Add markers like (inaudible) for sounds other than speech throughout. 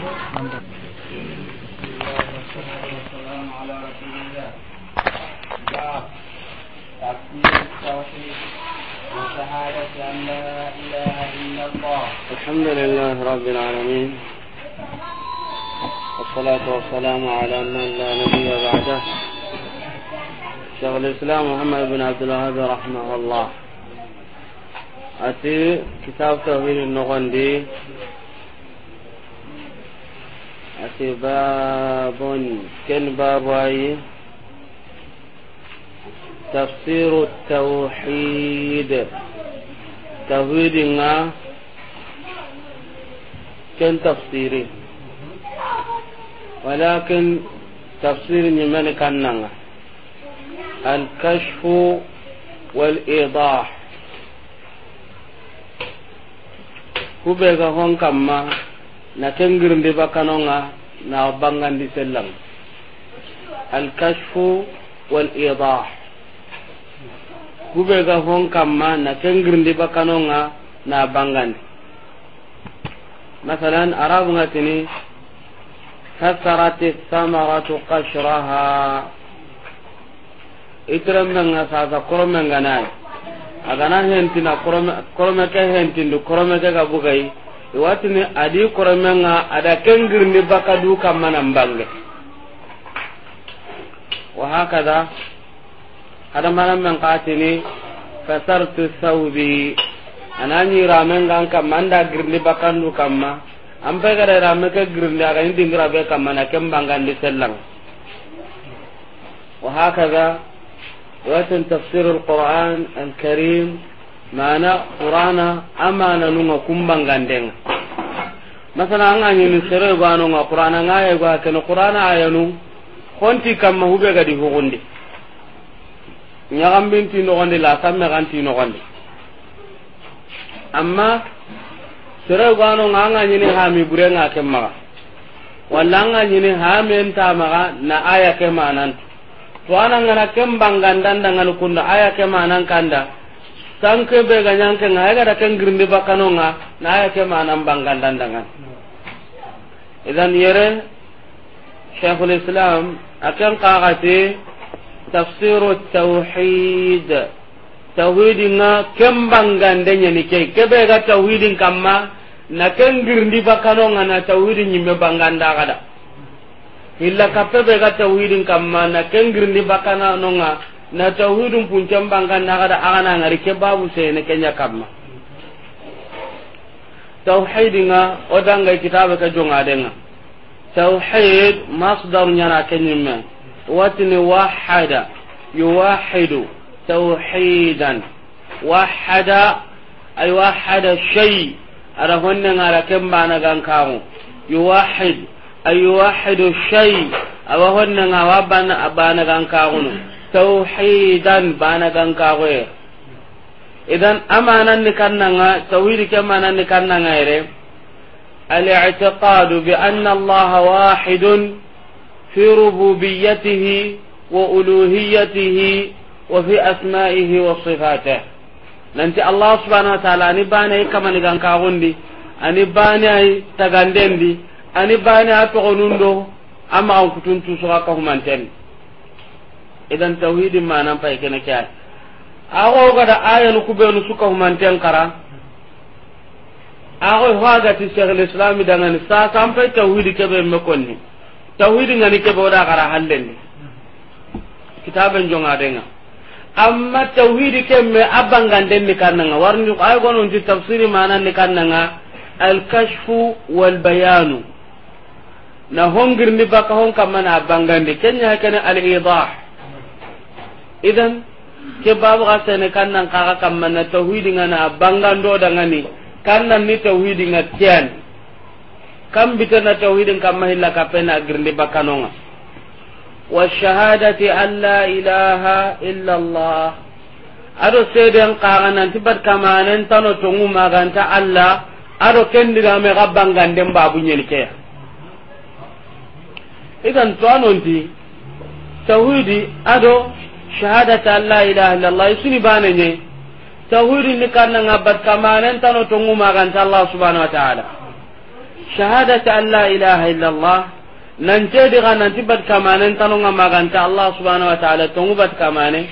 الحمد لله رب العالمين والصلاة والسلام على من لا نبي بعده شيخ الإسلام محمد بن عبد الوهاب رحمه الله أتي كتاب توحيد النغندي ati babun ken babu ayi tafsiru tauhid tauhidi nga ken tafsiri walakin tafsiri nyimani kannanga alkashfu walidah kubega hon kamma na kengirndi bakkanonga na bangandi sellam alkashfu walidah kube ga hon kamma na kengirndi bakkanonga na bangandi masalan arabunga tini kasarat samaratu kashraha itiremenga sasa koromenganayi agana hentina korome ke hentindi korome ke ga bugayi watini adi koromenga ada kengirni baka du kammanan bange wahakada hadamaramen katini fasartu saubi anani ramenga an kamma anda girni bakandu kamma an pe gada rame ke girni aga ni dingira be kamma na kem bangandi sellang wahakada watin tafsir alquran alkarim mana qur'ana amana nunga kumbangandenga masala anga nyini sere bano nga qur'ana ngaya ga ken qur'ana ayanu konti kamma hube ga di hugundi nyagam binti no gonde la samme ganti no gonde amma sere bano nga nyini ha mi bure nga kemma walla nga nyini ha men ta maga na aya ke manan to ananga na kembangandanda ngana kunda aya ke manan kanda tanke be ga nyanke nga ga da kan girmbe bakano nga na ya ke manan bangandan dangan idan yere shaykhul islam akan qaqati tafsir tauhid tauhid nga kem ni ke ke be ga tauhid kamma na kan na tauhid illa be ga tauhid kamma na kan na tauhidun puncen bangan na kada agana ngari ke babu ne kenya kamma tauhidinga ga kitabe ka jonga denga tawhid masdar nyana kenyimma watni wahada yuwahidu tawhidan wahada ay wahada shay ara honne ngara kemba na gankamu yuwahid ay yuwahidu shay awa honne ngawa bana abana gankamu tauhidan bana ganka goye idan amanan ni kannanga tauhid ke manan ni kannanga ire al-i'tiqadu bi anna allah wahidun fi rububiyyatihi wa uluhiyyatihi wa fi asma'ihi wa sifatihi nanti allah subhanahu wa ta'ala ni bana ay kamani ganka gondi ani bani ay tagandendi ani bana atogonundo amma on kutuntu suka ko manten idan tauhidin manan pa kene kya ago da ayal ku be nu suka tan kara ago ga ti shaykhul islam dangan sa fai tauhid ke be me konni tauhid ngani ke bo da kara hallen kitaben ngade denga amma tauhid ke me abangan den ni kananga warni ay gono ndi tafsiri nan ni kan nga al kashfu wal bayanu na ni baka hon kamana abangande kenya kana al idah idan ke babu kasa ne kan nan kaka kan man na tauhidi ngana bangan do da ngani kan nan ni tauhidi ngatian kam bitana kan kamma hilla pena girndi bakanonga wa shahadati an la ilaha illa allah ado seden kaga nan tibat kamanen tano tungu maganta allah ado kendira me ga banganden babu nyel ke idan to anonti tauhidi ado shahadata alla ilaha illallah isuni bane nye tawhidin ni kanna ngabat kamanen tano magan ta allah subhanahu wa ta'ala shahadata alla ilaha illallah nan ce diga nan tibat kamanen tano ta allah subhanahu wa ta'ala tongu bat kamane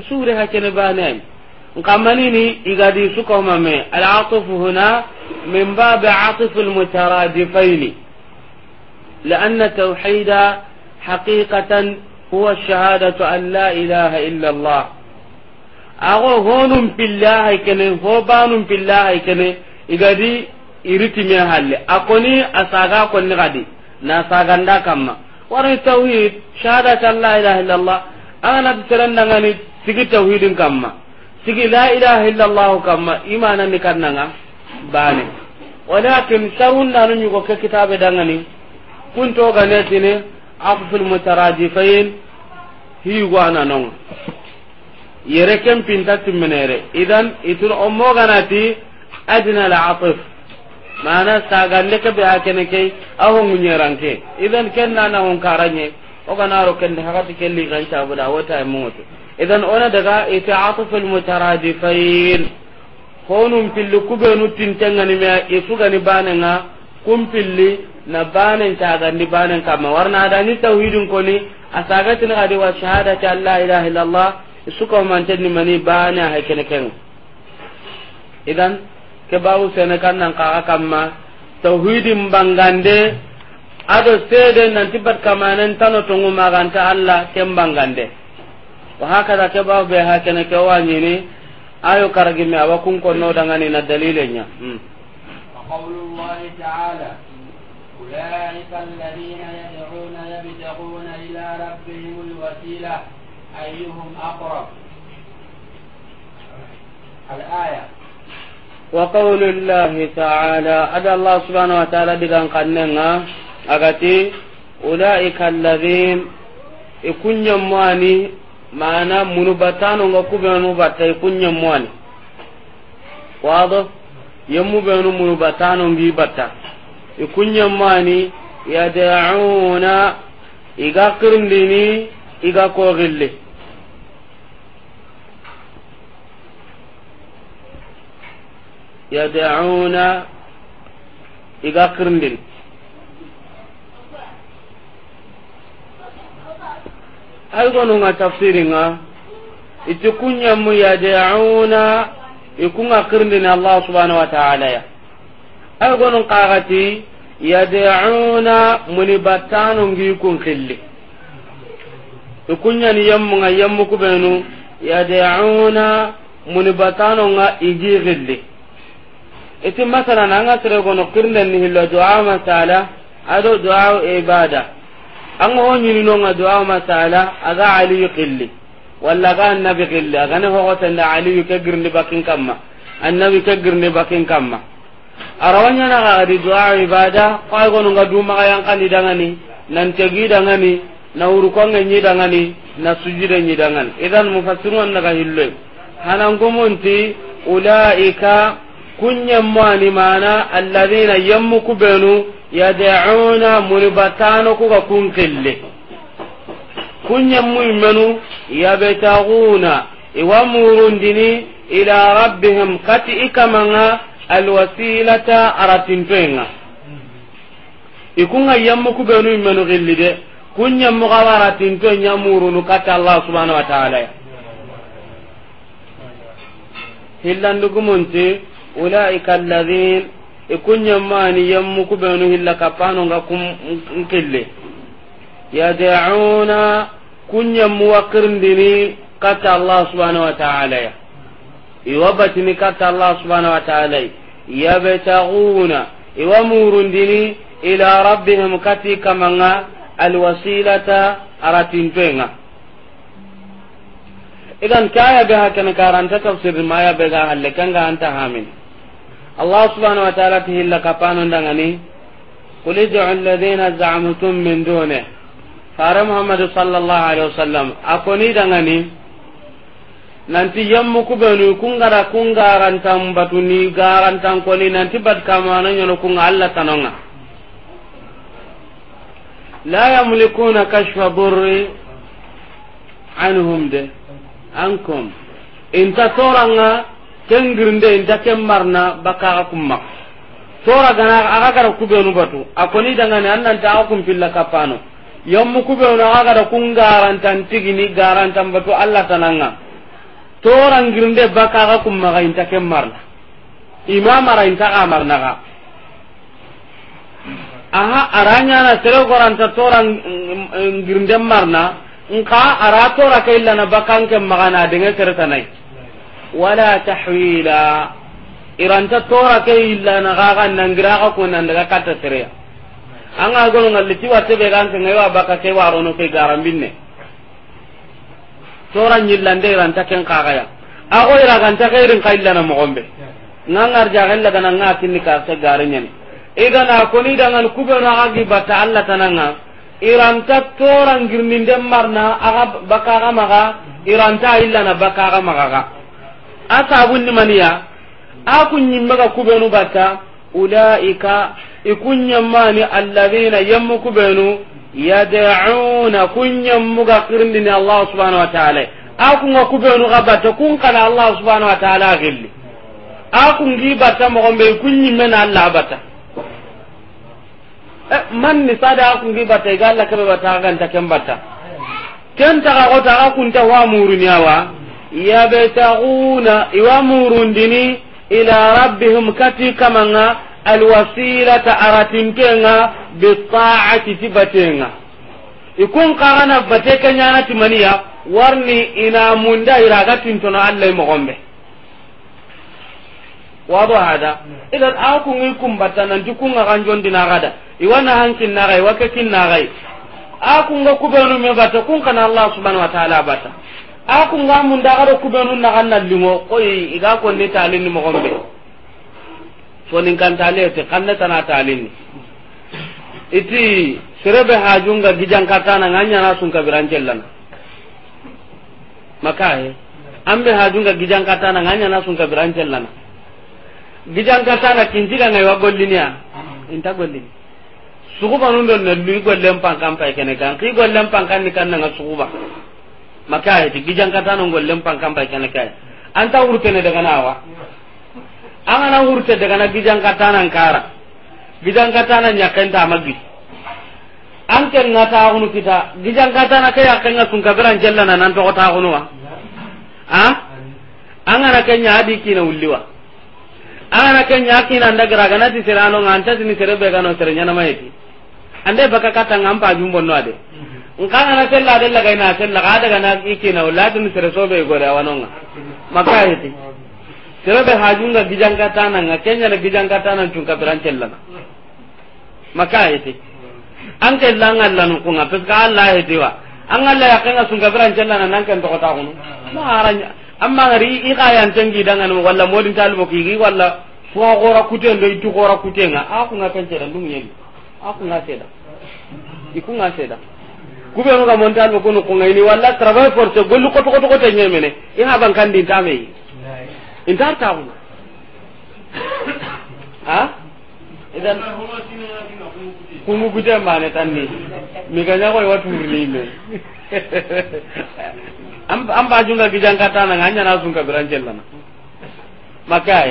isure hakene bane nkamanini igadi sukomame العطف هنا من باب عطف المترادفين لأن التوحيد حقيقة huwa shahadatu an la ilaha illa allah ago honum pillahay kene ho banum pillahay kene igadi iritime halle akoni asaga konni gadi na saganda kamma warni tawhid shahadatu an la ilaha illa allah ana tiserendangani sigi tawhidin kamma sigi la ilaha illa allah kamma imanani kannanga bane walakin sarundanu ñugo ke kitabe dangani kuntoganetine afsul mutarajifain higo ananonga yere ken pinta timmenere idan itun ommoganati adina latif mana sagande ke a kene key aho munyeranke idan ken nana hon karanye oganaro ken hakati kelli ganta buda wata moto idan ona daga ita'atuf almutaradifain honum pilli kubenu tintengani me isugani banenga kum pilli na banen cagandi banen kama warna adani tawhidin koni asagati na gadi wa ta la ilaha illallah suka manten ni mani bana ha kene ken idan ke bawu sene kan nan ka kamma tauhidin bangande ado sede nan tibat kamanen tano tungu maganta allah ken bangande wa haka da ke bawo be ha kene ke wani ni ayo karagi me abakun konno dangani na dalilenya hmm. أولئك الذين يدعون يبتغون إلى ربهم الوسيلة أيهم أقرب الآية وقول الله تعالى أدى الله سبحانه وتعالى بذن قننا أغتي أولئك الذين يكون يمواني معنا منبتان وكبنا نبتا يكون يمواني واضح يمو بينو منبتان وكبنا ikunyemmani yad'una iga qirndini iga kogille yad'una iga qirndini ay gonunga tafsiringa iti kunyammu yad'una ikunga qirndini allah subhanahu wa ta'ala ya agonu gonun qagati yad'una muni battanu ngi kun khilli ikunya ni yammu nga yammu kubenu yad'una muni battanu nga igi khilli iti masalan anga sere gonu kirnden ni hillo du'a masala ado du'a ibada anga wonyini no nga du'a masala aga ali khilli walla ga annabi khilli aga ne ho ko tanda ali ke bakin kamma annabi ke bakin kamma arawanya na gadi du'a ibada kai gonu ga du maka yang kan didangani nan tegi dangani na urukonga nyi dangani na sujude nyi dangan idan mufassirun daga hille hanan gomonti ulaika kunyan mani mana alladhina yammu kubenu yad'una muribatano kuga kun kille kunyan mu'minu yabtaguna iwa murundini ila rabbihim kati ikamanga alwasilata aratintoenga ikunga yammu kubenu imenu gilli de kun yammu gawa aratinto nyamurunu kata allah subhanahu wa ta'ala hillandugumunti ulaika alladhin ikun yammani yammu kubenu hilla kapano nga kum nkille yad'una kun yammu waqirndini kata allah subhanahu wa ta'ala ya iwa batini katta allah subhanahu wa ta'ala yabtaguna iwa murundini ila rabbihim kati kamanga alwasilata aratintoenga idan kaya be hakana karanta tafsir ya be ga halle kanga anta hamin allah subhanahu wa ta'ala tihilla kapano ndangani قل ادعوا الذين زعمتم من دونه فار محمد صلى الله عليه وسلم أكوني دغني nanti yammu kubenu kungara kungarantan batuni ko ni nanti bat kamana nyono kunga alla tanonga la yamlikuna kashfa durri anhum de ankum inta toranga kengirnde inta kemmarna bakaga kumma tora gana aga gara kubenu batu akoni dangane annanta aga kumpilla kapano yammu kubenu aga gara kungarantan tigini garantan batu alla tananga torangirnde bakaga kummaga inta ken marna imamara inta ga marnaga aha na aranyana sere goranta torangirnde mm, marna nka ara tora kai lana illana bakanke magana denge seretanai wala tahwila ta tora kai lana ke illana gaga nangiraga kunandaga katta sereya anga gono ngalliti wattebe ganke ngaiwa baka ke warono ke garambinne tora nyillande iranta ken kagaya ago iraganta kairin be mogombe nangar jagella gana nga kinni ka se garenyen idan koni dangani kubeenu aga gi batta alla tananga iranta tora ngirninde marna aga bakaga maga iranta illana bakaga magaga asabunni maniya a kunyimmaga kubenu batta ulaika ikunyamani alladhina yemmu kubeenu. yad'una kunyam muga kirindini allah subhanahu wa ta'ala akunga kubenu gabato kun kana allah subhanahu wa ta'ala gilli mo gombe kunyi kunyimmena allah batta eh, man ni sada akungi bata iga allah keɓe batta aganta bata. batta ken ga kota aku kunta wa muruni awa yabtaguna iwa murundini ila rabbihim kati manga alwasilata aratinkenga bitaati ti batenga ikun kagana bate kenyana timaniya warni ina munda iraga tintono allah mogombe wado hada idan a kun yi kumbata nan ji kun kan jondi iwana hankin nagai gai wake kin na aku a kun kubenu me bata kun kana allah subhanahu wa ta'ala bata aku kun ga mun da kubenu na kana nan limo koyi iga kon ni talin mogombe sonin kantale te kanne tana talin iti sirebe hajunga gijan katana nganya na sun kabiran jellan makahe ambe hajunga gijan katana nganya na sun kabiran jellan gijan katana kinjiga ngai wa gollinia inta gollini suguba nun don nelu gollen pan kan pa kene kan ki gollen pan kan ni kan na suguba makahe ti gijan katana gollen pan kan pa kene kai anta urtene daga nawa angana hurte daga na gijan katana kara gijan katana nya kenta magi an ken na ta hunu kita gijan katana kai akan sun kabiran jalla na nan to ta hunu wa ha angana ken nya adi kina ulliwa angana ken nya kina ndagara ga na ti serano nganta ti ni serebe ga no serenya na mayti ande baka kata ngampa jumbo no ade nkanga na sella de laga ina sella ga daga na ikina uladun sere sobe gore awanonga makayiti serebe hajunga tana nga tun ka cunka lana maka ite an kella an allanu kunga parce que ite wa an allah yakenga sunka birancellana nan ken ma aranya amma ngari i kayantengi dangani walla modintalimo kigi walla fuga gora kuten do itu gora kutenga akunga kenceda ku nga seda nga seda kubenuga montalmo kunu kungaini walla travail forcé golli kotokotokote ñemene i habankandintameyi intar taxuna a idan kumu gute mbane tan ni mi ga ba junga sunka biran maka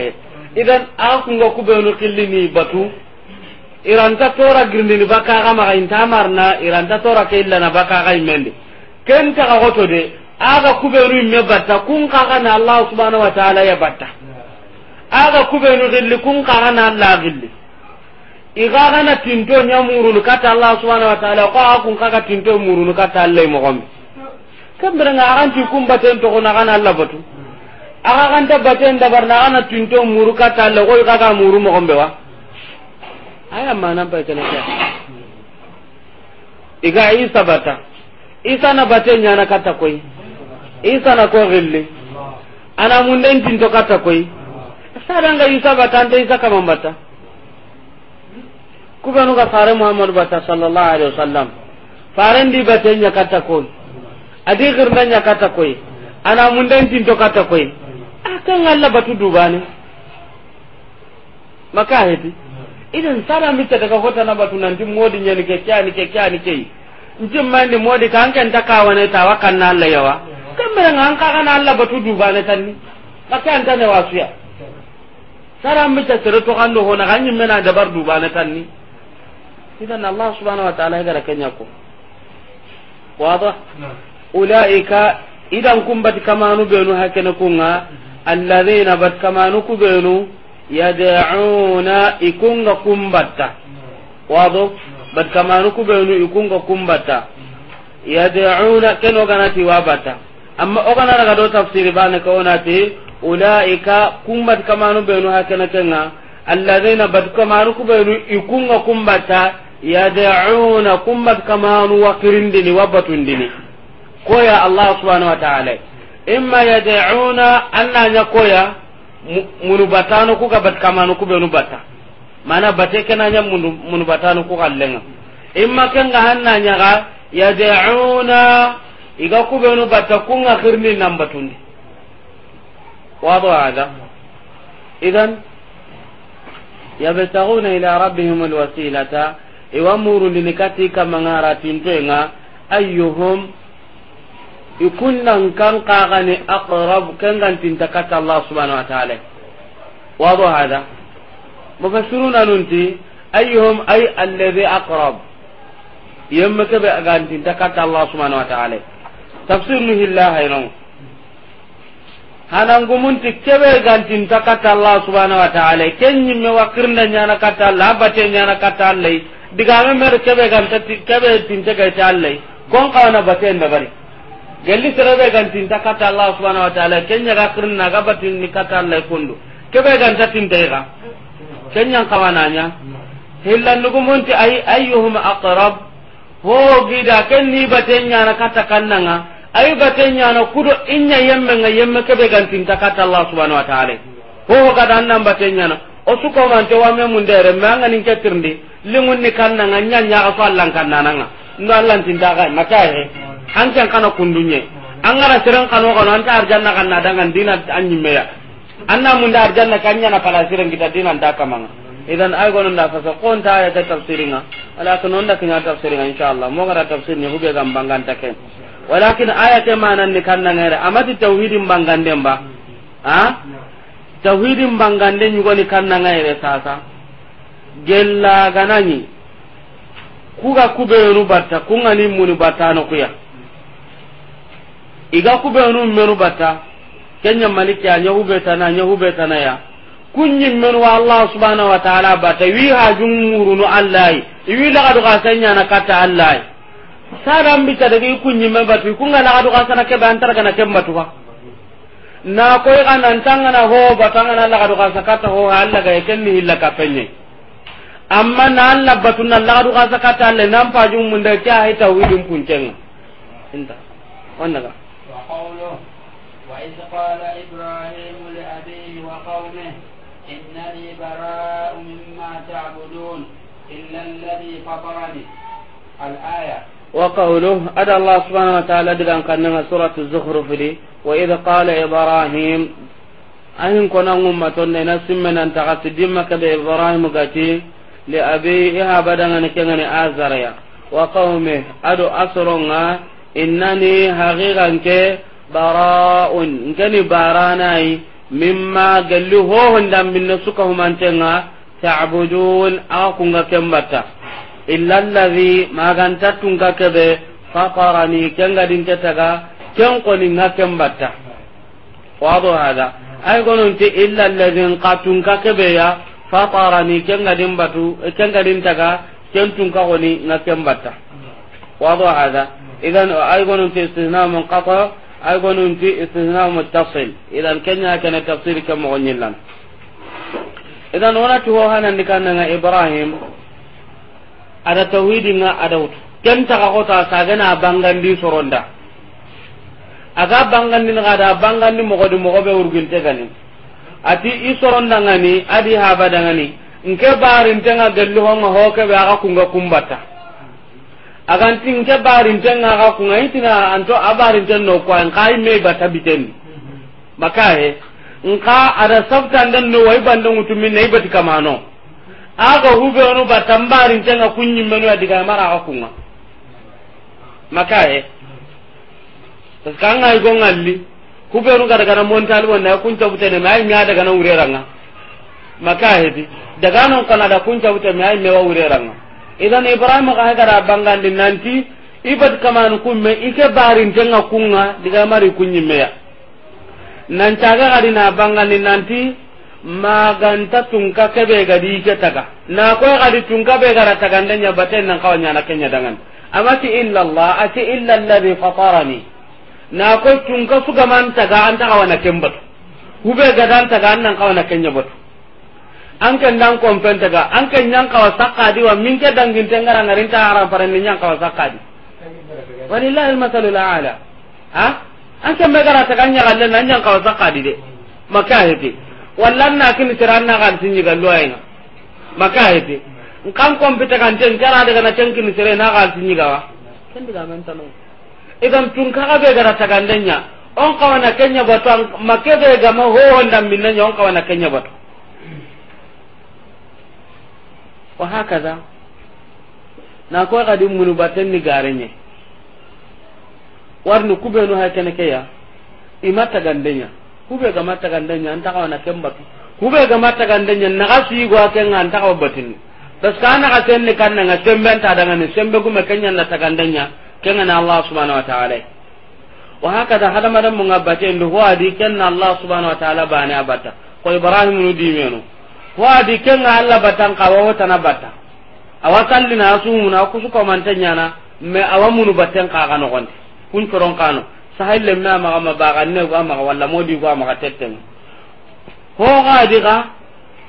idan a batu tora tora ke ken de aga kubenu imme batta kun kagana allah subhanahu wa ta'ala ya batta aga kubenu gilli kun kagana allah gilli igagana tinto ñamurunu kata allah subhanahu wa ta'ala ko aga kun kaga tinto murunu kata allah mogombe kemberenga aganti kumbaten togona agana allah batu aga ganta baten dabarna agana tinto muru kata allah ko igaga muru mogombe wa aya manan paitene kya iga isa bata isa na baten ñana kata koyi isa na ko gilli ana munden tinto kata koy sadanga isa batante isa kamambata kubenu ga fare muhammad bata sallallahu alaihi wasallam faren di batenya kata koy adi girnanya kata koy ana munden tinto kata koy akan Allah batu dubane maka heti idan sara ta daga hota na batu nan din modi nyani ke kyani ke kyani ke njin mandi modi kan kan takawane tawakan na Allah yawa kembe ngan ka kana Allah batu dubane tanni kake anta ne wasuya sara mi ta tere to kando hona ganyi mena dabar dubane tanni idan Allah subhanahu wa ta'ala ga rakanya ko wada ulaika idan kumbati kamanu benu hakene kunga alladhina bat kamanu kubenu yad'una ikunga kumbatta wado bat kamanu kubenu ikunga kumbatta yad'una kenoganati wabata amma ogana daga do tafsiri bane ka onati ulaika kumbat kamanu benu hakana tenga alladheena bat kamanu kubenu ikunga kumbata yad'una kumbat kamanu waqirindini ko koya allah subhanahu wa ta'ala imma yad'una anna nyakoya munu munubatanu ku bat kamanu kubenu bata mana bate kenanya munu munu batano kuga lenga imma kenga hanna nyaga yad'una iga kubenu batta kunga khirni nambatundi wado hada idan yabtaguna ila rabbihim alwasilata iwamurundini kati kamangaratintoenga ayyuhum ikunnan kan kagani aqrab kengantinta kata allah subhanahu wa taala wado hada mufassiruna nunti ayyuhum ay alladhi aqrab yemme kebe agantinta kata allah subhanahu wa taala tafsir nu hilla hayno hanangumunti kebe gantinta katta allah subhanahu wa taala ken ñimme wakkirnda ñana katta allah abate ñana katta allah digame mer kebe ganta kebe tinte gayti allah kon kawana bate da bari gelli serebe gantinta katta allah subhanahu wa taala ken ñaga kirnna ga ni kata allah kundu kebe ganta ga ken nyang ñan kawanaña hillandugumunti ay ayyuhum aqrab ho gida ken ni bate nyana kata kannanga ayu gaten nyana kudo inya yemme nga yemme kebe gantin kata Allah subhanahu wa ta'ala ho ga dan nan baten nyana o su ko man to wamme mun dere manga nin ketirndi lingun ni kanna nga nyanya ka fallan kanna nga ndo Allah tin daga maka he an kan kana kundunye an gara siran kanu kanu an ta arjanna kanna dangan dina an nyimeya anna mun da arjanna kanya na palasiran kita dina da kamanga idan ay gono nda fasa kon ta ya ta tafsiringa ala kun onda kinya insha allah mo gara tafsir ni hubega mbangan takem walakin ayate manan ni kannangere amati tauhidin banganden ba a tauhidin bangande ñugoni kannangere sasa gellaganani kuga kubeenu batta kungani muni batta kuya iga kubeenu menu batta kenya maliki anya hubetana anya betana ya kunyin menu wa allah subhanahu wa ta'ala batta wi hajun murunu allahi wi laga duga senya na kata allahi sadan bita daga i kunyimme batu ku ngana adu ka sana kebe antara kana kem batu ka na koy kana tangana ho batangana la adu ka kata ho alla gaya ken ni illa ka amma na alla batu na la adu ka sakata le nan jum mun da ta hay tawhidin kuncen wa wa qala li abihi wa innani bara'u mimma ta'budun illa alladhi fatarani al-ayah وقوله أدى الله سبحانه وتعالى دلان قنها سورة الزخرف لي وإذ قال إبراهيم أهن كنا أمة نسم من أن تغسدمك بإبراهيم قتي لأبيه إها بدنا نكنا آزريا وقومه أدو أسرنا إنني حقيقا براء كني باراناي مما قال له هو من سكهم أنتنا تعبدون أكون كم بتا illa allazi maganta tun ka kebe faqarani kenga din ketaga ken koni ngaken batta wado hada ay gonon ti illa allazi qatun ka kebe ya faqarani kenga din batu kenga din taga ken tun ka koni ngaken batta wado hada idan ay gonon ti istina mun qata ay gonon ti mun tafsil idan kenya kana tafsir kam nyilan idan wala tuwa hanan dikanna ibrahim ada tawhidinga ada utu ken taga kota bangan di soronda aga bangan na ada bangandi mogo di mogo be urginte gani ati i soronda ngani adi haba ngani. nke barin tenga gelu ma hoke be aga kunga kumbata aga tin ke barin tenga aga kunga itina anto abarin ten no kwa ngai me bata biten makahe nka ada sabtan dan no wai bandangu utumi nei bati kamano aga hubenu batambarintenga kuñimmenuya diga mara aga kunga makaye parce que anga igo ngalli hubenu ga dagana montali wonna kuncabutene ma ay mea dagana wureranga makahedi daganon kanada kuncabute me ay mewa wureranga idan ibrahima ka hegara bangandi nanti ibat kamanu kumme ike barintenga kunga diga mari kuñimmeya nancaga gadina bangandi nanti maganta tunka kebe ga ke taga na ko ga di tunka be gara taga ndanya baten nan kawanya na kenya dangan amati illa allah ati illa alladhi fatarani na ko tunka suga man taga anta kawana kembat hube ga dan taga annan kawana kenya batu an kan dan kompen taga an kan nyang kawa sakadi wa ke dangin tengara ngarinta haram paran nyang kawa sakadi walillahi almasalul a'la ha an kan be gara taga nya galle nan nyang kawa sakadi de maka wallan na kin tiran na kan tinji gallo ayna maka hete kan kompita kan ten kara daga na ten kin sire na kan tinji gawa ken diga men tanu idan tun ka abe gara tagandanya on kawana kenya batu makebe ga ma ho honda minna on kawana kenya batu wa hakaza na ko ga dum munu baten ni garenye warnu kubenu ha kenekeya imata gandenya kube ga mataganda nya anta kawana kemba kube ga mataganda nya naga sigo akenga anta kawa batin tas kana ka ne kanna nga sembe anta daga ne sembe kuma kenya na nya kenga na Allah subhanahu wa ta'ala wa da hada madan mun abate ndo ho adi kenna Allah subhanahu wa ta'ala bani abata ko ibrahim nu di meno ho adi kenga Allah batan kawa ho tanabata awakan dina asumuna kusuko mantanya na me nu batan ka kanokonde kun coron kano sahil lemme amaga ma ba baganne go amaga walla modi ko amaga tetten ho di ga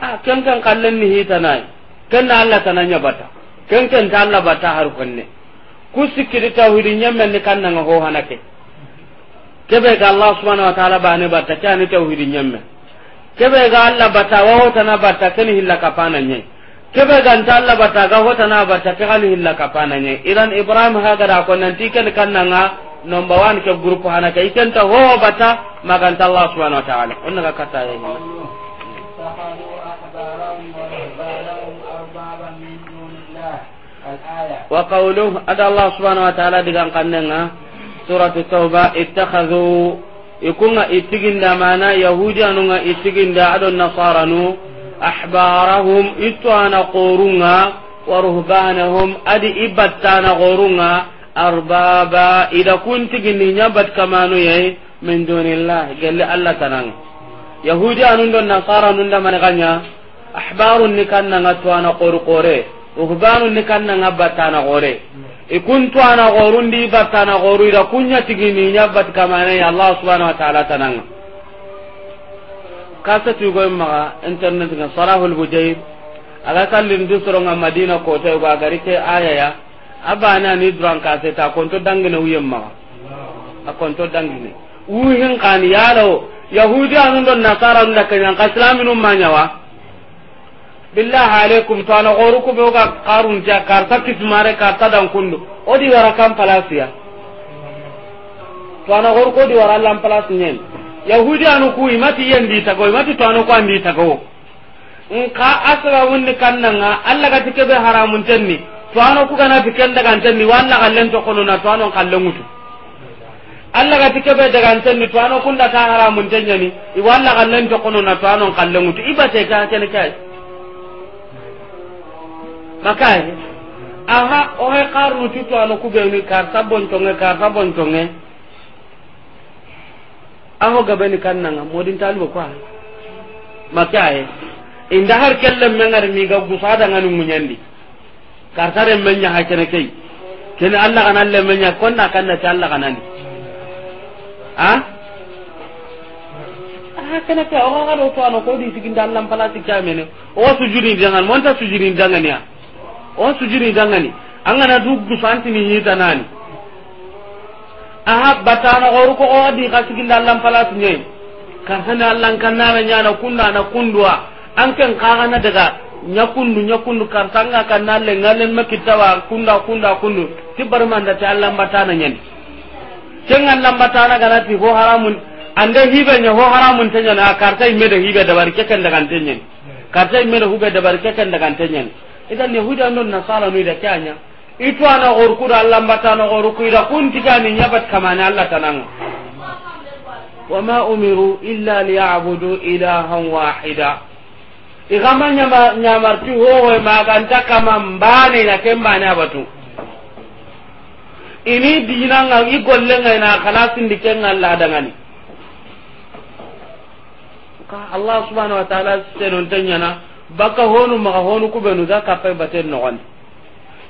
a ken ken kallen ni hita nay ken na Allah tananya bata ken ken ta Allah bata har konne ku sikkidi tawhidi nyammen ni kannanga ho hanake kebe ga Allah subhanahu wa ta'ala ne bata ta ni tawhidi nyammen kebe ga Allah bata wa hotana bata ken hilla kapana nyai kebe ta Allah bata ga hotana bata ken hali hilla kapana nyai iran ibrahim ha ga da ko nan tiken nga. number 1 ke group hana kai kenta ho bata maganta Allah subhanahu wa ta'ala onna ga kata ya hinna wa qawluhu ada Allah subhanahu wa ta'ala digan kannenga suratu tauba ittakhadhu ikunga itiginda mana yahudi anunga itiginda adon nasaranu ahbarahum itwana qorunga wa ruhbanahum adi ibattana qorunga arbaba ida min dunillah yahudi anun do nasara nun ganya ahbarun ni kannanga tuana uhbanun ni kannanga qore ikun tuana qoru ida kunya tigini nyabat kamane allah subhanahu wa ta'ala tananga kasa go maga internet ga sarahul bujayb ala kallin madina ko go ba ke aya ya abana ni duran ka se ta konto dangine uyen ma a konto dangine uhin kan yalo yahudi an don nasara nda kan ka islaminu nyawa billah alaikum to ana goru ku be ga qarun ja karta kismare karta dan kundu odi wara kam palasiya to ana goru ko di wara lam palas nyen yahudi an ku imati yendi tago imati to anu ko andi tago nka asra wonni kannanga allah ga be haramun tenni to ano ku kana tiken gante ni walla kallen to kono na tuwano ano kallen mutu Allah ga tike be daga antenni to ano kunda ta haramun tanya ni i walla kallen to kono na tuwano ano kallen mutu iba te ka kene kai makai aha o he karnu ti to ano ku be ni kar sabon tonge kar sabon tonge aho gabe ni kannanga modin talbo kwa makai inda har kellen mengar mi ga gusada ngani munyandi karta de men nya hakene kai kene Allah kana le menya konna kana ta Allah kana ni ha ha kana ta o ga do to an ko di sikin dan lam pala tikya mene o sujuri jangan monta sujuri jangan ya o sujuri jangan ni angana du santi ni hita nani aha batana goru ko o di ga sikin dan lam pala tinye kan sana Allah kan na menya na kunna na kundwa an kan kana daga nyakundu nyakundu kartanga nalle ngalen makitawa kunda kunda kundu ti barmanda ta Allah batana nyani cenga lambatana ti ho haramun ande hibe nya ho haramun ah, tenya na karta mede hibe da barke kan daga kar karta mede hube da barke kan daga tenya idan huda non sala no da kanya itu ana gorku da batana gorku ida kun tikani nyabat kamana Allah tananga ma umiru illa liya'budu ilahan wahida igamba ñamarti hohoy maganta kama mbane na ke mbane abatu ini dinanga i gollenga na kana sindi kenga allah dangani ka allah subhanahu wa ta'ala senon tanyana baka honu maga honu benu zaka kapai baten nogondi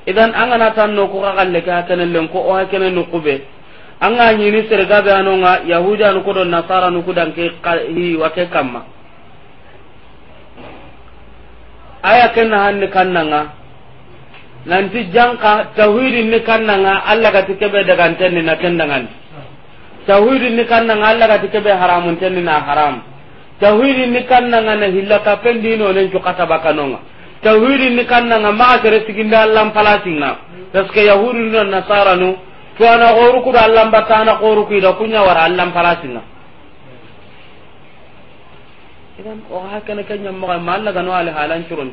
idan na tanno ko kagalle ka kenen len ko o hakenen no kube anga nyini serga be anonga yahuda no ko don nasara no dan ke hi wa ke kamma aya kenna hanni kannanga nanti janka tawhidin ni kannanga Allah ga tikebe daga antenni na kendangan tawhidin ni kannanga Allah ga tikebe haramun tenni na haram tawhidin ni kannanga na hilla ka no len ju kata bakanonga tawhidin ni kannanga ma kare tiginda Allah palatinga paske yahudun na nasaranu to ana goru ku Allah batana goru ku da kunya war Allah palatinga idan o hakana kanya mo ma Allah gano ala halan churon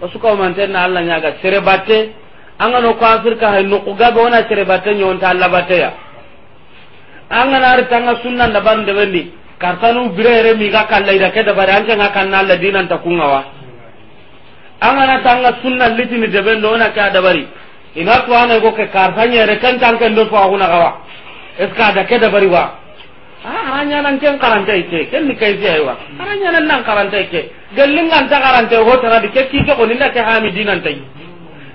o suka man tan na Allah ga sere batte an gano ko afirka hay no kuga ga wona sere batte nyon ta Allah batte ya an gana ar tanga sunnan da ban de bendi kartanu birere mi ga kan da ke da bare an ga kan na Allah dinan ta kunga wa an gana tanga sunnan litini de bendo wona ka da bari ina ko ana go ke kartanya re kan tanken do to aguna gawa eska da ke da bari wa aranya ah, nan ken karanta ite ken ni kai jaiwa aranya nan nan karanta ite gellin kan ta karanta ho tara di ke ki ke ko ninda ke mi dinan tai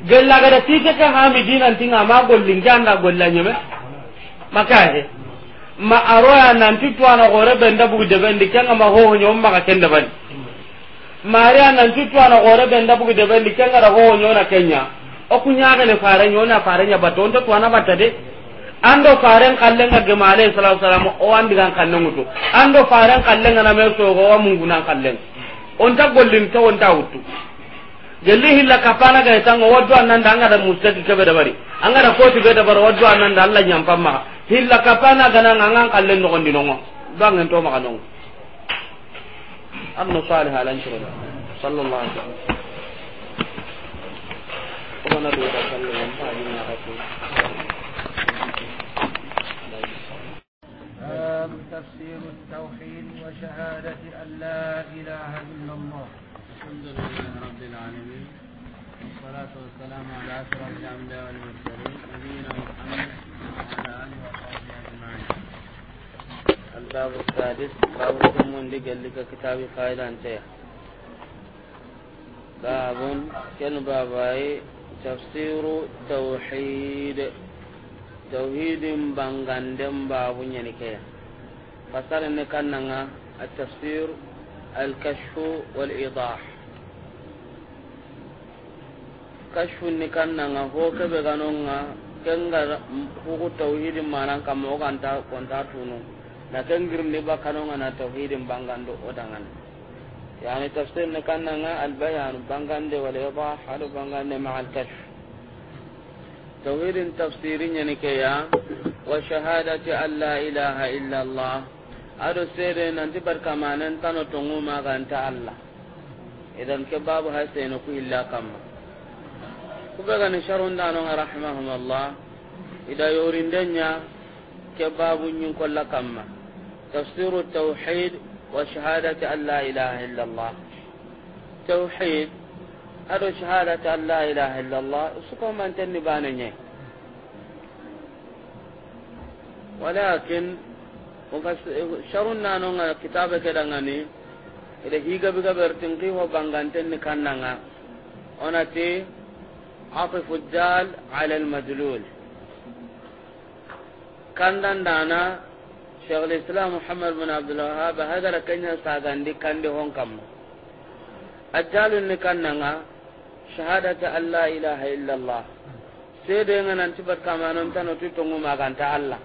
gella ga da tike ke hami dinan tinga ma gollin da gollanya me maka he ma aroya nan ti na gore benda bu de bendi ken ma ho nyom ma ka kenda ban maria nan ti na gore benda bu de bendi kenga da ho nyona kenya o kunya ga ne fare nyona fare nya batonto tuana batade ando faren ga gema alayhi salatu wasalam o andigan kannengutu ando faren ga namai so go mun guna sogo on ta gollin ta on ta wuttu gelli hilla kafana ga tanga waddu annanda anga da mustaki kebe da bari anga da koti be da bari waddu da Allah nyam ma hilla kafana ga nan an kallen no gondi nongo bangen to ma kanong annu salih alan shuru sallallahu alaihi wasallam باب تفسير التوحيد وشهادة أن لا إله إلا الله الحمد لله رب العالمين والصلاة والسلام على أشرف الأنبياء والمرسلين نبينا محمد وعلى آله وصحبه أجمعين الباب السادس باب ثم لقل لك كتابي قائل أنت باب كن باباي تفسير توحيد tauhidin banganden babu yanikeya fasar ne kannanga التفسير الكشف والإيضاح كشف نكنا هو كبغانونا kenga huku tauhidin manan kam o kan ta kon ta tunu na kengir ni ba kanonga na tauhidin bangando odangan yani tafsir ne kannanga al bayan bangande wal idah halu bangande ma al kashf tauhidin tafsirin yani ke ya wa shahadati an la ilaha illa allah ado sere nanti barka manan tano tongu ma ganta Allah idan ke babu hasene ku illa kamma ku be gani sharun da non rahimahumullah ida yorin denya ke babu nyin kolla kamma tafsiru tauhid wa shahadati an la ilaha illa Allah tauhid ado shahadati an la ilaha illa Allah su ko man tanni bananye walakin oga eh, sharun na non kitabe ke da ngani ida higa biga bertin ki ho bangante ni onati afi fujjal ala al madlul kandan dana shaykhul islam muhammad bin abdul wahhab hada la kanya sagandi kande hon kam ajalun ni kannanga shahadata alla ilaha illa allah sede ngana ntibat kamanon tanotu tongu maganta allah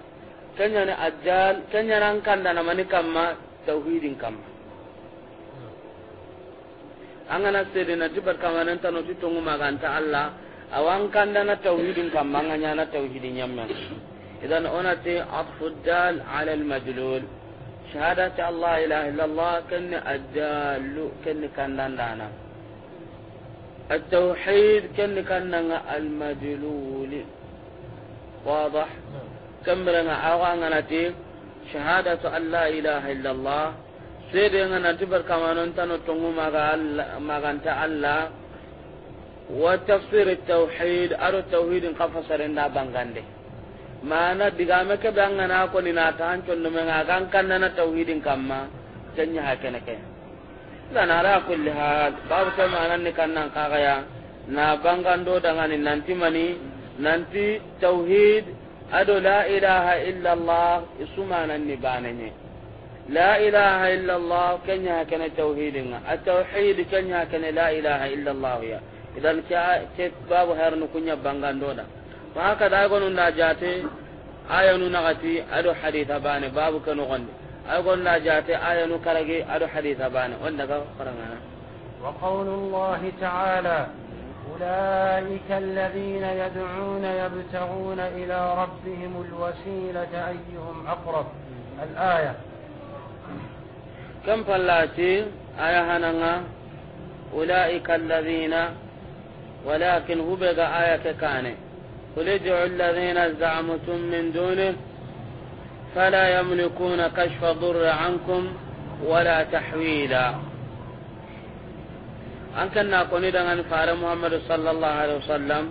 kanyani ajjal kanyana kanda na mani kama tauhidin kamma angana sede na tibar kamanan tano titongu maganta Allah awan kanda na tauhidin kama, nganya na tauhidin yamma idan ona te atfu dal ala al majlul shahadati Allah ilaha illallah kan ajjalu kan kandandana التوحيد كن كان المجلول واضح نعم. kamera kamirenga awa nga nati shahada to alla ilaha illa allah sede nganati barkamanontano tungu maga maganta alla wa tafsir tawhid aro qafasare kafasarenda bangande mana digame ke keɓe a ko ni nata han chonno me nga condomenga agan kannana tawhidin kamma tanya ha kene ke dan ala kulli hal babu ta manan ni kannan ya na bangando dangani nanti mani nanti tauhid ado la ilaha illa allah ni bananye la ilaha illa allah kenya kana tauhidin a tauhid kenya kana la ilaha illa allah ya idan ka ke babu nu kunya bangandoda to haka da gonu na jate ayanu nagati ado haditha bane babu kanu gonde ay gon na jate ayanu karage ado haditha bane wanda ka karangana wa qawlu allah ta'ala أولئك الذين يدعون يبتغون إلى ربهم الوسيلة أيهم أقرب الآية كم فلاتي آية هننا أولئك الذين ولكن هو بقى آية كان قل ادعوا الذين زعمتم من دونه فلا يملكون كشف ضر عنكم ولا تحويلا an kan na koni dangan fare muhammadu sallallahu alaihi wasallam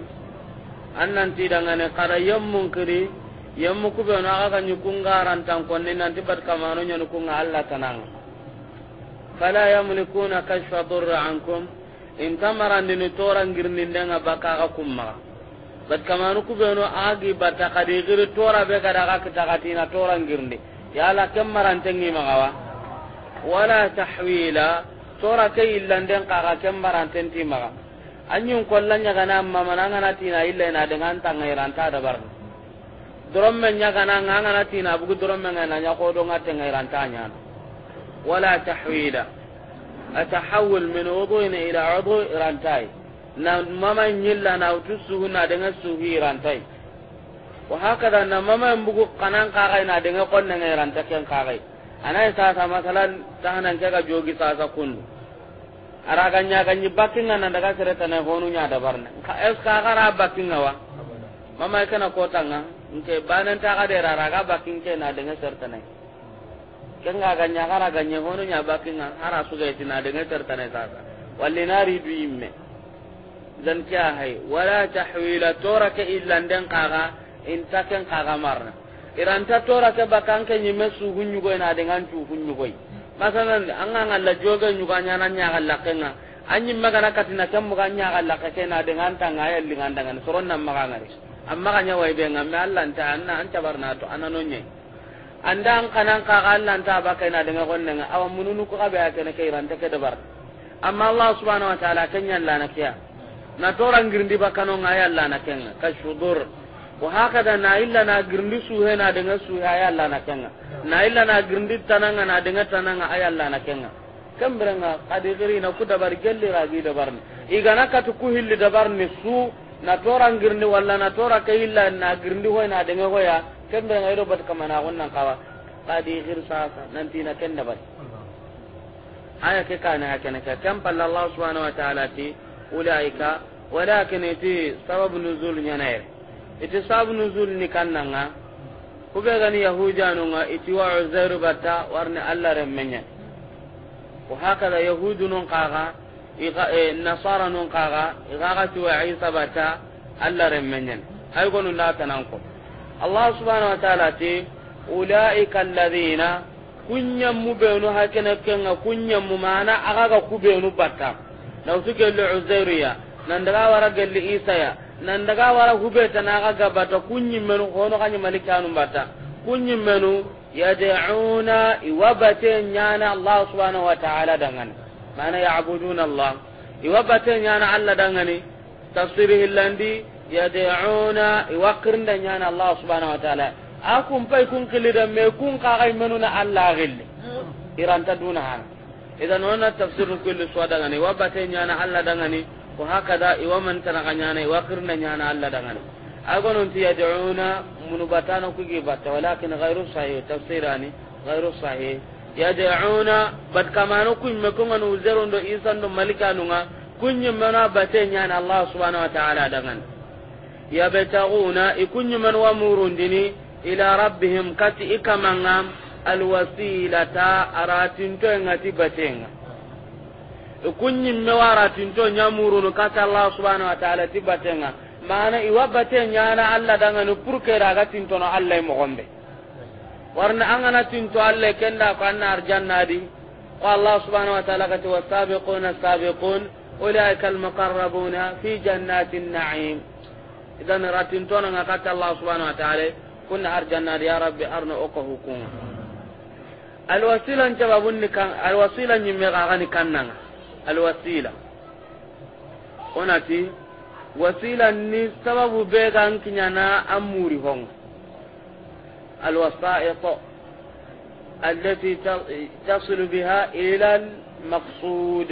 an nan ti dangan kada yammun kiri yammu kube no aga kan yukun garan tan konni nan ti bat kamano nyanu kun Allah tanang fala yamlikuna kashfa durra ankum in tamarandi ni toran girnin ga baka ga kumma bat kamano kube no agi bata kadi giri tora be da ga kitakatina toran girndi yala kemarantengi magawa wala tahwila tora ke illanden kaga ken baranten ti maga anyun kollan nyaga na mama na tina illa de ta da bar men na tina bugu men nya ko do ngate ngairan ta nya wala tahwila atahawul min ila na mama nyilla na utusu na de ngasu wa hakada na mama kanan na de ngakon ngairan ta ken masalan tahanan jogi sasa kunu. araga ñagañi bakkinga nan daga seretana honu da barna ka eska gara bakkinga wa mama kana nga nke bananta kadera araga bakin ke na denge seretanai kenga ga nya gara ga nya hono nya bakinga hara su ga tina daga tartane sasa wallinari du imme dan kya hai wala tahwila toraka illa den kaga intaken qaga marna iranta toraka bakanke nyimme su hunyu na dengan tu hunyu masalan an ngalla joga nyuga nyana nyaga lakenga anyi magana katina kam muga nyaga lakake na dengan tanga ya lingan dengan soron nan maga ngari amma ga nyawa be ngamme Allah ta anna an tabar to anano nye andang an kanan ka Allah ta ba kai na dengan gonne nga awan mununu ko kabe akene kai ran ke dabar amma Allah subhanahu wa ta'ala kenya Allah na kiya na toran girndi bakano ngaya Allah na kenga ka shudur wa hakada na illa na girndi suhe na denga suhe aya Allah na kenga na illa na girndi tananga na denga tananga aya Allah na kenga kambiranga kadigiri na ku dabar gelli ragi dabarni igana katu ku hilli dabarni su na tora girndi walla na tora ka illa na girndi hoy na denga hoya kambiranga ido bat kama na wannan kawa sa sasa nan tina kenda bat aya ke kana ya kenaka kam palla Allah subhanahu wa ta'ala ti ulaika walakin ti sababu nuzul nyanaire iti sabu nuzul ni nga kube gani nga iti wa uzairu bata warni allah remmenya wa hakala yahudu nun kaga e, nasara no kaga igaga ti wa isa bata allah remmenya ay gonu la tananko allah subhanahu wa ta'ala ti ulaika alladhina kunyammu benu hakena kenga kunyammu mana agaga kubenu na usuke lu uzairu ya nan daga wara gelle isa ya nan daga wara hubeta na ga gabata kunyi menu hono kanyi malikanu bata kunyi menu da'una iwabate nyana allah subhanahu wa ta'ala dangan mana ya'buduna allah iwabate nyana allah dangani tafsiri hillandi yad'una iwaqrinda nyana allah subhanahu wa ta'ala akum pai kun kilida me kun ka kai menu na allah gilli iranta duna han idan wannan tafsirul kulli suwa dangani wabate nyana allah ni ko da iwa man tana kanyana iwa kirna na Allah dangane ya ti yad'una munubatana kugi bata walakin ghairu sahih tafsirani ghairu sahih jauna bat kamano kunme ko ngano zerondo isando malikanunga kunye mana bate na Allah subhanahu wa ta'ala dangan yabtaguna ikunye man wa murundini ila rabbihim kati ikamangam alwasilata to ngati batenga kunyimme waratinto ñamurunu kata allah subhanau wa taala ti batenga mana iwa bate ñana allah dangani pour keda aga tintono allah mogonɓe warna angana tinto allah kenda ko anna arjannadi ko allah subhanau wa taala kati wasabiquna sabiqun ulaika almuqarrabuna fi jannati na'im. idan ratintonanga kata allah subhanau wa taala kunna arjannadi ya rabbi arno oko hukunga alwasila ncabagunni kan alwasila ñimme kaagani kannanga alwasila onati wasila ni sababu be ga kinyana amuri hon alwasaiq التي تصل بها إلى المقصود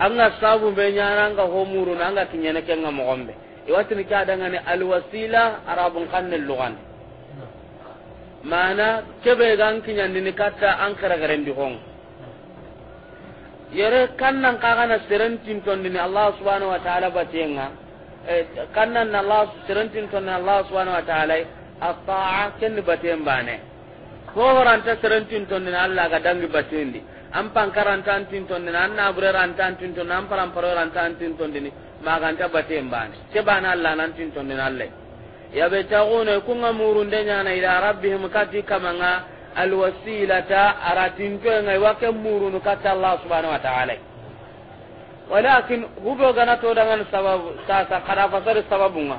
anga sabu be nyana anga homuru na anga kinyana kenga mogombe iwatini ka daga ne alwasila arabun kanne lugan mana kebe gan kinyandi ni katta an kara garen di hong yere kannan kagana serentin ni allah subhanahu wa ta'ala batenga e, kannan na allah serentin tondini allah subhanahu wa ta'ala ataa ken baten bane ko horanta serentin tondini allah ga dangi batendi an pankaranta antin tondini an naburera anta antin tondini an paramparora anta antin tondini maganta baten bane ce bana allah nantin tondini allah yabtaguna kunga murunde nyana ila rabbihim kati manga ta alwasilata aratintoenga iwake murunu katta allah subhanau wa taala walakin huɓe gana toɗangan sababu sasa kada fasari sababunga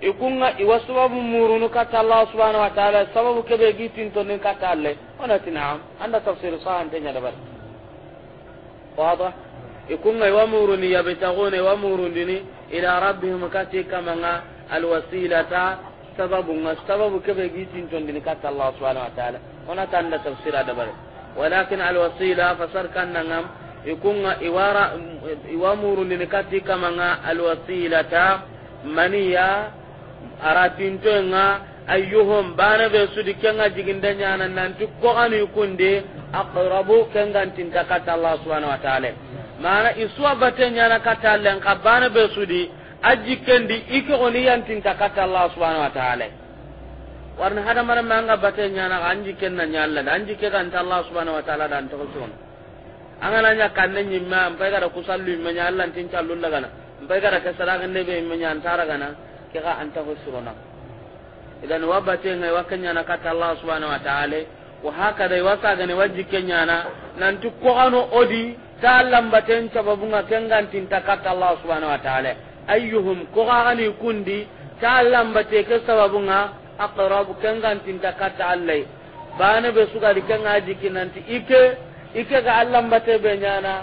ikunga iwa sababu murunu katta allah subhanau wa taala sababu ke be keɓe gitintonin katta allah onati naam anda tafsir sahanteñadabar wada ikunga iwa muruni yabitaguna iwa murundini ila rabbihim kati kamanga ta. sababu nga sababu kebe gi ka katta allah subhanau wa taala ona tanda tafsir a dabare walakin alwasila fasar kan kannangam ikunga iwara iwa murundini katti kamanga ta maniya ara tintoenga ayyuhum bana be sudi kenga jiginde nyana nanti kogani kunde aqrabu kenga ka katta allah subhanau wa taala mana isuwa bate nyana katta allen ka bana be sudi ajikendi ike oni yantin kata allah subhanahu wa ta'ala warna hada mara manga bate nyana anjiken na nyalla da anjike kan ta allah subhanahu wa ta'ala dan to sun angana nya kanne nyimma ampai kada kusallu imma nyalla tin callul daga na ampai kada kasara kan ne be imma nyantara kana ke ga anta ko surona idan wabate ngai wakanya na kata allah subhanahu wa ta'ala wa haka dai wasa gane wajike nyana nan tu ko odi ta lambaten sababunga kengantin ta kata allah subhanahu wa ta'ala ayyuhum ko gani kundi ta Allah mbate ke sababu nga aqrabu kangan tinta kata Allah bana be suka di kanga dikinanti ike ike ga Allah mbate be nyana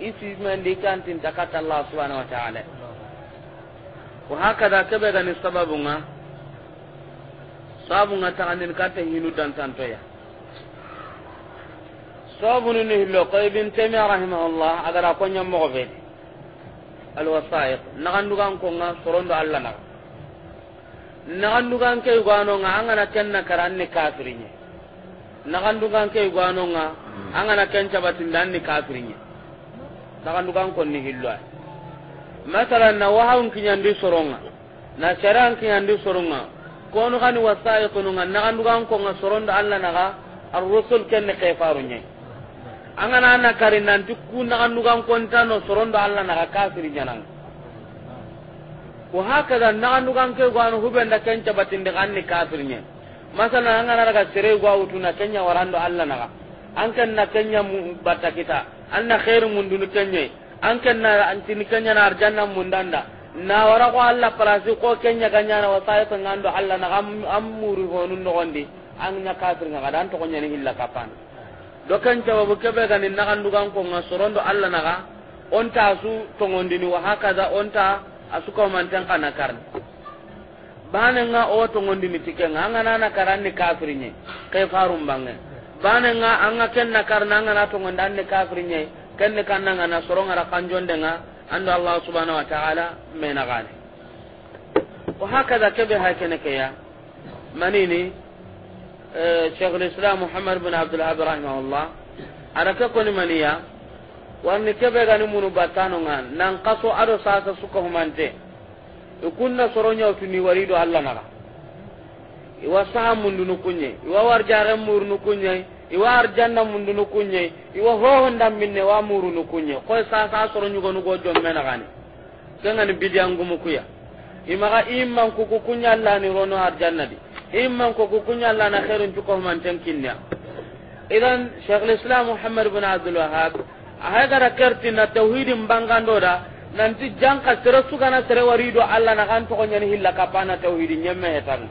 isi mandi kan tinta kata Allah subhanahu wa ta'ala wa hakada kebe gani sababu nga sababu nga ta andin kata hinu dan tanto ya sabunu ni hillo qaybin temi rahimahullah agara ko mo be alwasaiq nagandugan konga sorondo allah naga nagandugan ke yuganonga angana kenna kara anni kafirinye nagandugan ke yuganonga angana ken cabatinda anni kafirinye nagandugan konni hilloa masalan na wahawun kiñandi soronga na sharan kiñandi soronga konu gani wasaiqununga nagandugan konga sorondo allah naga arrusul kenne kefarunye angana na kari nanti ku na kan nugan konta no sorondo alla na ka kafiri nyanan wa hakaza na kan nugan ke gwanu hubenda kenca batinde kan ni kafirnya masala angana daga sere gwa utuna kenya warando alla na an kan na kenya mu batta kita an na khairu mun dunu kenya an kan na antini kenya na arjanna mun danda na wara ko alla parasi ko kenya ganya na wasaya ngando alla na am amuru honun no gondi an nya kafir nga dan to ko nyani illa kapan dokan jawabu kebe gani ko konga sorondo alla naga onta su tongondini wa hakaza onta asu kaumanten kana bana nga o tongondini nga nana karanni kafirinye ke farum bana nga anga na karna angana tongondi anni kafirinye kenni kannangana sorongara kanjondenga ando allah subhanahu wa ta'ala menagani wa hakaza kebe ke ya manini شيخ الاسلام محمد بن عبد الله رحمه الله انا ككون منيا وان كبه غني منو باتانو نان نان ادو ساسا سوكو مانتي kunna soronyo tuni warido alla naga iwa saa mundu nu kunye iwa warjare muru nu kunye iwa arjanna mundu nu kunye iwa hoho ndambinne wa muru nu kunye koy sasa soronyo gonu go jomme nagani kengani bidiyangumu kuya imaga imman kuku kunyalla ni rono arjanna di imman kuku kunyalla na khairun tuko man tankinnya idan syekhul islam muhammad bin abdul wahhab ahagara kerti na tauhidin bangando da nanti jangka sere sugana sere warido alla na kan to nyani hilla kapana tauhidin nyemme hetan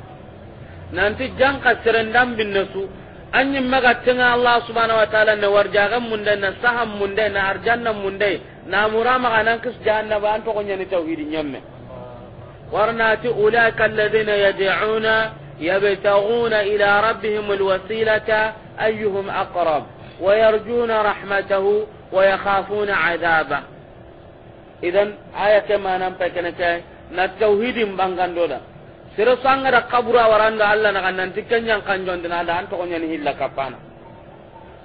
nanti jangka sere ndam binnesu anyi maga tenga allah subhanahu wa ta'ala ne warjaga munde na saham munde na arjanna munde na murama kanan kis jahannaba an to nyani tauhidin nyemme ورناتي أولئك الذين يدعون يبتغون إلى ربهم الوسيلة أيهم أقرب ويرجون رحمته ويخافون عذابه إذن آية كما نمتك نتاي نتوهيد بانغان دولا سرسان غدا قبرا وراندا الله نغان ننتكن ينقان جوندنا الله أنتو قن ينهي الله كفانا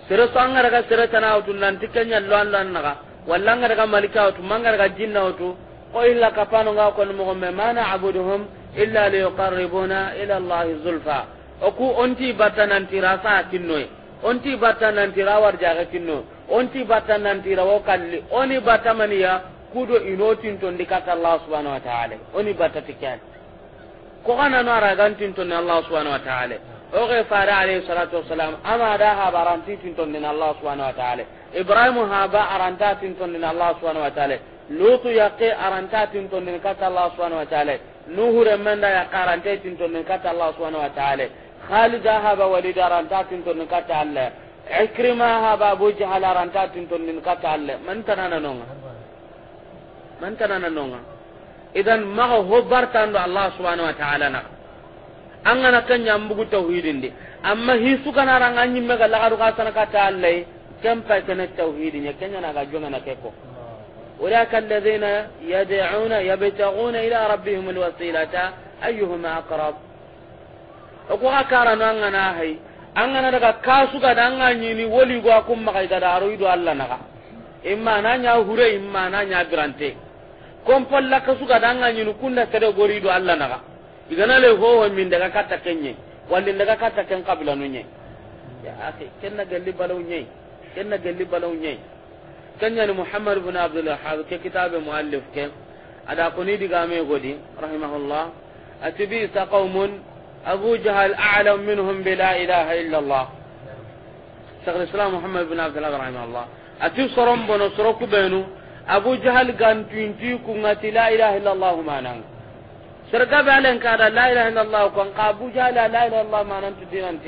سرسان غدا سرسان آوتو ننتكن ينلوان لان نغا والان غدا ملكا آوتو مان غدا جن آوتو وإلا كفانوا غاكون مغمى ما نعبدهم إلا ليقربونا إلى الله زلفا أكو أنتي باتنا أنتي راسا كنوي أنتي باتنا أنتي راور جاغا كنوي أنتي باتنا أنتي راوكا اللي أني باتمانيا كودو إنوتين تندكا الله سبحانه وتعالى أني باتتكيان كوانا نارا غانتين تندكا الله سبحانه وتعالى أغي فارع عليه الصلاة والسلام أما داها بارانتين تندكا الله سبحانه وتعالى إبراهيم هابا أرانتا تندكا الله سبحانه وتعالى lutu yaqe aranta tintonden kata allah subhanahu wa taala nuhure menda yaqe aranta tintonden kata allah subhanahu wa taala khalida haba walid aranta tintonden kata allah ikrima haba abu jahal aranta tintonden kata allah man tanana nonga man tanana nonga idan maga hobbartando allah subhanahu wa taala na an gana kan yambugu tauhidindi amma hisu kana ranga nyimme ga lagaru ka sanaka ta allah kan pa kana tauhidin ya kenya na ga jonga na keko أولئك الذين يدعون يبتغون إلى ربهم الوسيلة أيهما أقرب أقوى كارن أننا هاي أننا نغا كاسو قد أننا نيني ولي قواكم مغاي قد أرويدو ألا نغا إما نانيا هوري إما نانيا برانتي كم فلا كاسو قد أننا نيني كنا سرى قريدو ألا نغا إذن لي هو من دقا كتا كنية والي دقا كتا كن قبل نيني يا أخي كنا قلي بلو نيني كنا قلي بلو نيني كنجان محمد بن عبد الله حاضر ككتاب مؤلف ك أدا قني دقامي غدي رحمه الله أتبيس قوم أبو جهل أعلم منهم بلا إله إلا الله شغل الإسلام محمد بن عبد الله رحمه الله اتي صرم بنا صرق بينو أبو جهل كان قان تنتيكم لا إله إلا الله ما نعم سرقا بألن كان لا إله إلا الله وقان ابو جهل لا إله إلا الله ما نعم تدين أنت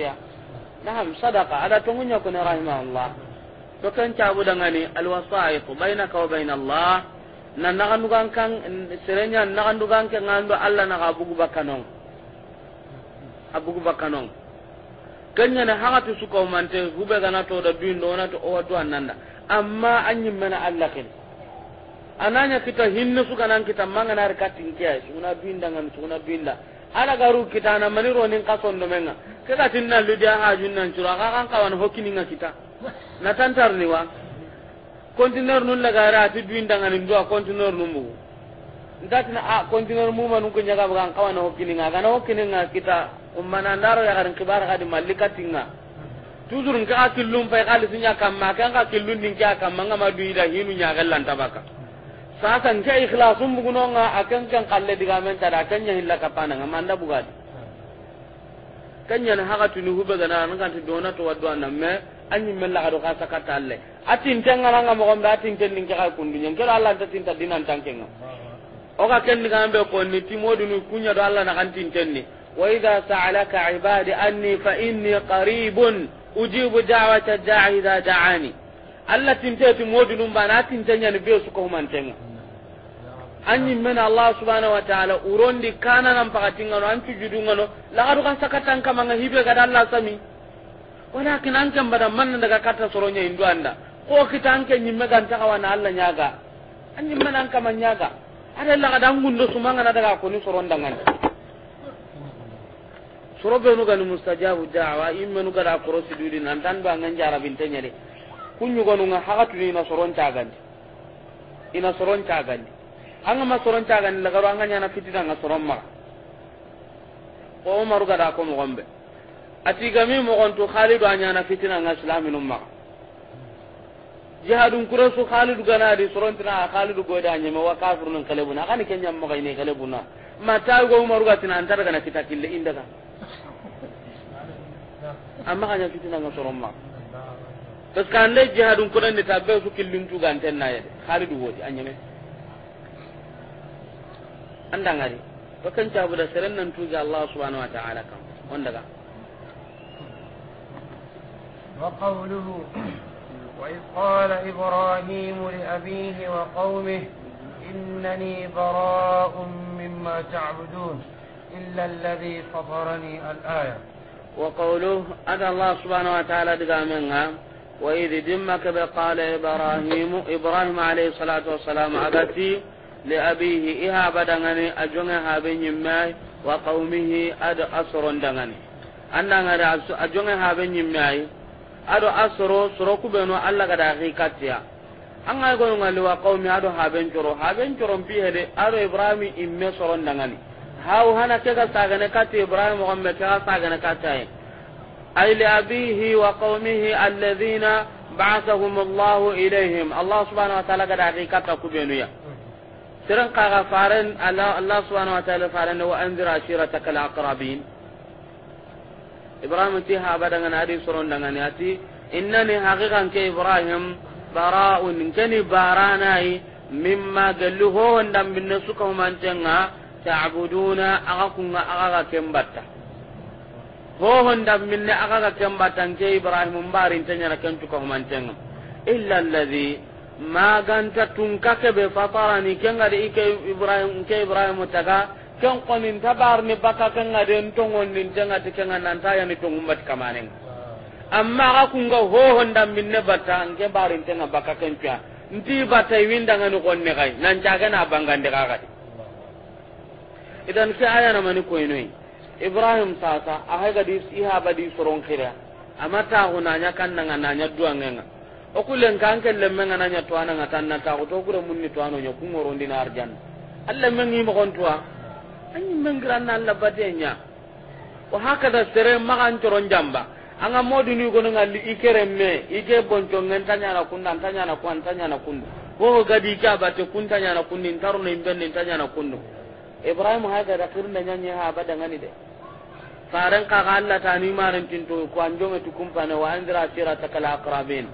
نعم صدقة على تنين يكون رحمه الله to kan cabu dangani alwasaiq bainaka wa bain Allah na nagandugan kan serenya nagandugan kan ngando Allah na abugu bakanong abugu bakanong kanya na hagatu su kaumante hube gana to da duin dona to owa tu ananda amma anyi mana Allah kin ananya kita hinna suka kanan kita mangana rikatin kiya suna duin dangan suna duin da ala garu kita na maniro nin kason do menga kada tinna ludia ha junnan cura kan kawan hokini nga kita na ni wa kontinor nun la gara ati duin danga nin dua kontinor nun mu na a kontinor mu manu ko nyaga bukan kawan hokkini nga kana hokkini nga kita ummana ndaro ya garin kibar di malika tinga tuzur nka lum fay kali sunya ma kan ka killun din kya ma ngama da hinu nyaga lanta baka sasa ikhlasum bu buguno nga akan kan kalle diga men tada kan nya hilla kapana nga nda bugadi kan nya na haka tunu hubaga na nan kan to dona to wadwa nan me anyi mella kado ka sakata alle atin tenga nanga mo gombe atin ten ninga ka kundu nyen kero alla ta tinta dinan tankenga o ka ken diga ambe ko ni timodu ni kunya do alla na kan tin tenni wa idha sa'alaka ibadi anni fa inni qaribun ujibu da'wata da'i idha da'ani alla tin te timodu num bana atin tenya ni be su ko man tenga anyi mena allah subhanahu wa ta'ala urondi kana nan pakatinga no antu judunga no la kadu kan sakata kan manga hibe kada allah sami walakin an kan bada man daga kata soronya indu anda ko kita an kan nyimme gan ta kawana Allah nyaga an nyimme nan kama nyaga ada la kadang gundo sumanga na daga koni soro be nu ganu mustajabu da'wa imme nu gara korosi dudin nan tan ba ngan jara bintenya de kunyu gonu nga hakatu ni na soron tagandi ina soron tagandi an ma soron tagandi la garo an ganya na fitina nga soron ma ko maru gara ko mo gombe atigami mogontu khalidu a ñana fitina nga silaminum maxa jihadun kuresu khalidu di sorontina a khalidu goyde a ñeme wa kafirnun kelebuna axani ke ñammoxayne kelebuna ma tawigo umarugatina na kita kille ga amma xaña fitina nga soron maxa parce que ande ni tabbe su killuncuganten nayede khalidu woti a ñeme andangari wakan da serennan ga allah subhanahu wa taala kam on daga وقوله وإذ قال إبراهيم لأبيه وقومه إنني براء مما تعبدون إلا الذي فطرني الآية وقوله أدى الله سبحانه وتعالى منها وإذ دمك بقال إبراهيم إبراهيم عليه الصلاة والسلام أبتي لأبيه إها بدغني أجنها ماي وقومه أد أسر دغني أنها أجنها ماي ado asoro soro kubeno alla gada hakikatiya an anga go ngali wa qaumi ado haben coro haben coro bi hede ado ibrahim imme soro ndangani hau hana ke ga sagane kati ibrahim muhammad me ka sagane katai ay li abihi wa qaumihi alladhina ba'athahum allah ilayhim allah subhanahu wa ta'ala gada hakikata kubeno ya siran kaga faren allah subhanahu wa ta'ala faran wa anzira ashirataka al aqrabin ibrahim ti haba daga na adi soron daga ne ati innani haqiqan ke ibrahim bara'un kani baranai mimma gallu ho wandam binne suka humantenga ta'buduna aga kunga aga kembatta ho wandam binne aga kembatta ke ibrahim mbarin tanya kan tuka humantenga illa alladhi maganta tunka kebe fatarani kenga de ike ibrahim ke ibrahim taga ken konin tabarni baka kenga den kan nan ta ya nanta yani tongumbat kamanen ah. amma ga ho hohon min ne bata anke barin tenga baka kenca nti bata winda ngani ne kai nan jaga na bangande kaga idan ke aya na mani inoi ibrahim ha ga di iha di soron kira amata hunanya kannanga nanya kan ke kanke lemmenga nanya tuana ngatan na ta ko to kure munni tuano nyokumoro ndina arjan men ni mo tuwa. anyi mengiran na Allah badenya wa hakada sere magan coron jamba anga modu ni gono ngalli ikere me ike bonco ngentanya na kunda ntanya na kwan ntanya na kunda ho gadi ka bate kun tanya na kundin taruno imben nin ntanya na kundu ibrahim haga da kirna nyanya ha bada ngani de faran ka ga Allah ta ni maran tinto ko anjonga tu kumpane wa andira sira takal aqrabin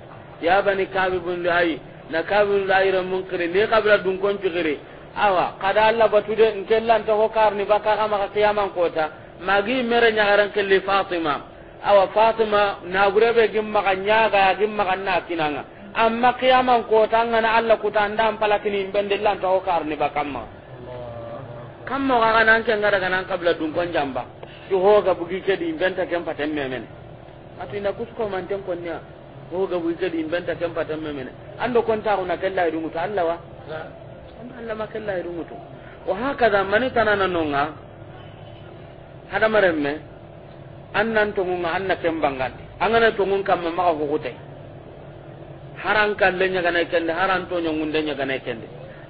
ya bani kabibun lai na kabibun lai ramun munkiri ne kabila dun kon tigiri awa kada Allah batu alla batude to hokar ni baka kama ka kiyaman kota magi mere ke li fatima awa fatima na nagurebe gimma ka nyaga gimma kan na kinanga amma kiyaman kota ngana alla kutanda ampalakini mbendellanta ho karni bakamma kammo ga nan ke ngara ngada kanan kabla dun kon jamba ho ga bugi ke kedi inventa kem paten memen atu ina kusko man tan ten ho ga bugi ke kedi inventa kem paten memen ando konta una kella idu muta alla wa Allah makalla irumutu wa hakaza mani tanana nonga hada maremme annan tongunga anna kembangati angana tongun kamma maka hukute haran kalle nya gana kende haran to nya ngunde nya gana kende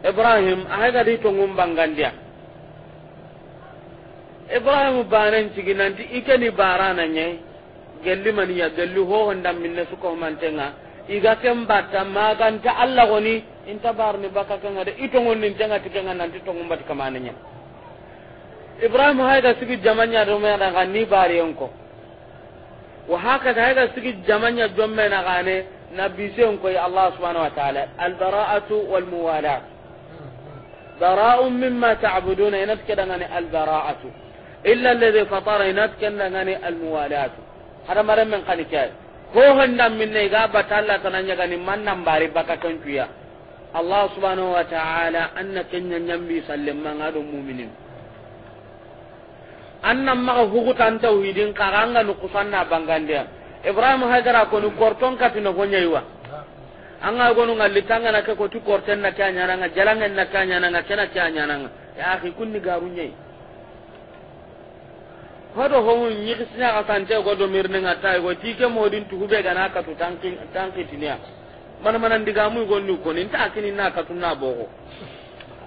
ibrahim ahay gadi tongun bangandia ibrahim banen cigi nanti ikeni barana nye gelli maniya gelli ho honda minne suko mantenga iga ken batta maganta allah goni inta barni baka kanga de itongon nin tanga tikanga nanti tongon bat kamananya ibrahim haida sigi jamanya do me na ni bari onko wa haka haida sigi jamanya do me na gane nabi sen ko allah subhanahu wa ta'ala al bara'atu wal muwala, bara'un mimma ta'buduna inat kedangane al bara'atu illa alladhi fatara inat kedangane al muwalat hada maram men kanikai ko honda minne ga batalla tananya gani man bari baka tontuya allah subhanahu wa ta'ala anna kenya nyambi sallemma ngado mu'minin anna ma hugutan tauhidin karanga nu kusanna bangandia ibrahim hajara ko nu korton gonya iwa anga gonu ngalli tanga na ko tu korten na kanya na jalangen na kanya na kena kanya na ya akhi kunni garunyai hodo hongu ñigisina ka sante go do mirne nga tay go tike modin tuhube gana ka tu tanki tanki mana mana ndiga mu go ni ko nin ta kini na ka na boko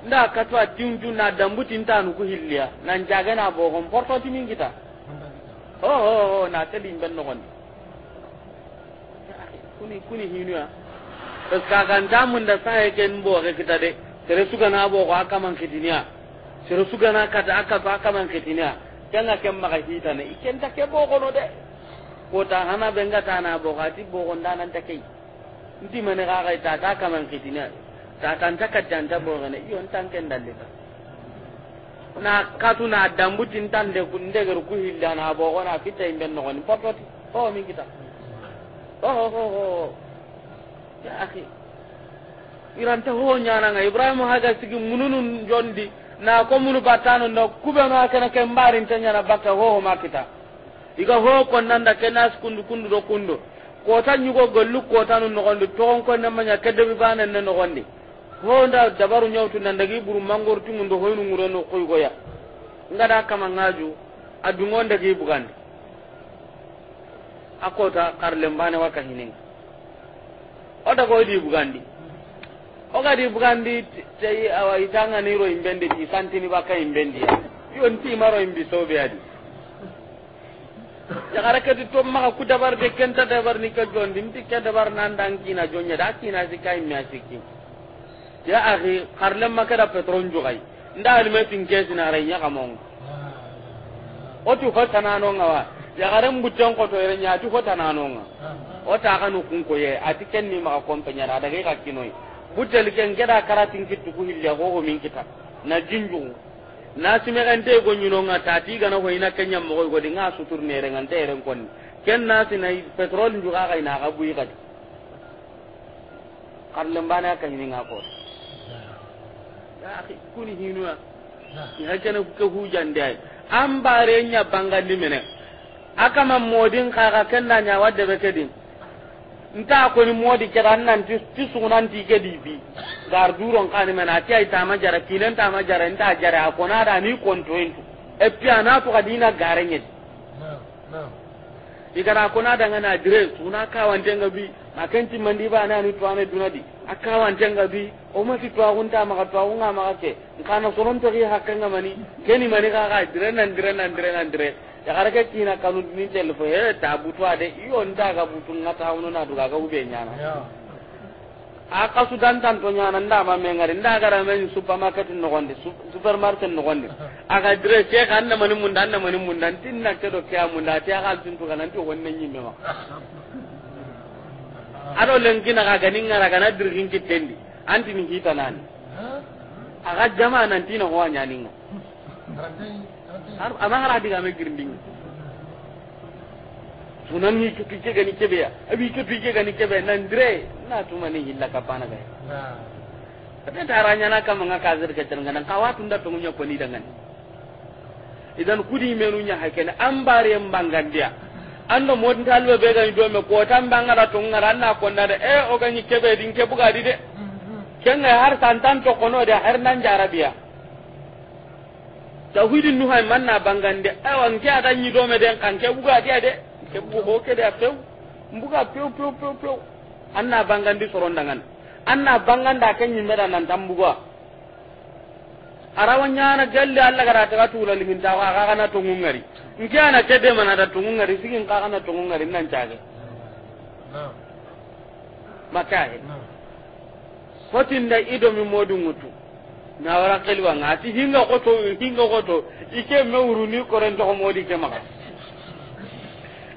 nda ka to tinju na dambu tinta nu ku hilliya nan jaga na bogo porto tinin kita o oh, o oh, o oh, na tadi ben no gon kuni kuni hinuya parce que kan damun da sai ken bogo kita de sere suga na bogo aka man kitinia sere suga na kata aka to aka man kenga ken maga hitana ikenta ke bogono de ko ta hana benga ta tana bogati bogonda nan ta kai ndi mane ga ga ta ta kaman kitina ta tan ta kaddan ta bogane yon tan ken dalle ta na katu na dambu dambutin tan de kunde gar ku hilla na bogona fita imbe no gon popoti o mi kita o ho ho ho ya akhi iranta ho nyana nga ibrahim haga sigi mununun jondi na ko munu batano kube kubeno akana ke mbari tanya na bakka ho ho makita iga ho ko nan ke nas kundu kundu do kundu ko tan yugo gollu ko tan no gondi to on ko nan manya kedde bi banan nan no gondi ho nda dabaru nyawtu nan dagi buru mangor tungu ndo hoynu ngure no koy goya ngada kama ngaju adungon dagi bugandi akota karlembane waka hininga oda goydi bugandi ogadi bugandi tayi awa itanga niro imbendi di santini baka imbendi ya yo nti maro imbi be adi ya garaka di to ma ku dabar de kenta dabar ni ka jondi ti ka dabar nan dangi na jonya da kina kai mi asiki ya akhi ma maka da petron jugai nda ma tin kesi na rayya kamong tu ko tanano ngawa ya garan butan ko to ranya tu ko tanano nga o ta kanu kun ko ye ken ni maka kompenya da daga ka kinoi butel ken keda karatin kittu ku hilya ho ho min kita na jinju na sime kan go nyuno nga tati gana ho ina kenya mo go di nga sutur ne rengan te ren kon ken na sina petrol nju ga ina ga bui ga karlem bana kan ni nga ko ya akhi kuni hinua ni hakana ku hujan dai am bare nya bangandi mene akama modin kaga kenda nya wadde be kedin nta ko ni modi kera nan ti ti sunan ti ke di bi gar duron kan men ati ay tama jara kilen tama jara nta jara ko n'a da ni en e piana to kadina garenye igara na da ngana dire suna ka wantenga bi ti mandi ba na ni tuane dunadi aka wantenga bi o ma ti tuagun ta maka tuagun ma ka ke kana soron to ri hakanga mani keni mani ka ga dire nan dire nan dire nan dire yakara ke kina kanu ni telefo he ta butu ade iyo nda ga butu ngata wono na duga ga ube nyana aka su dan tan to nyana nda ma me ngari nda gara men supermarket no gonde supermarket no gonde aka dire ke kan na mani mun dan na mani mun dan tin na ke do kya mun da ta ga tin to kana to wonne nyi me ma ado lengi na ga ganin ngara kana dirgin kitendi anti ni hita nani aga jama nan tin ho nyani ngo ama hara diga me girindinga sunan ni ke pike gani ke ya abi ke pike gani kebe nan dire na tuma ni hilla ka pana ga ah. ta taranya na kama nga kazir ke tan ngana kawatun to tungunya ko ni dangan idan kudi menunya hakene ambare mbangandia ando modin talbe be gani do me ko tan bangara tungara na ko na de e eh, o gani kebe din ke buga di de mm-hmm. kenga har santan to kono de har nan jarabiya tawhidin nu hay manna bangande awa eh, nke ada nyi do meden kan ke buga dia de ke bu ho ke da pew mbuga pew pew pew pew anna bangande sorondangan anna banganda kan nyi meda nan tambuga arawa nyana galle alla gara ta tula lingin ta ga kana to ngari nke ana ke de mana da to ngungari sigin ka kana to ngari nan caage makahe hotinda ido mi modungutu na wara kelwa ngati hinga koto hinga koto ike mewuru ni koren to modi ke maka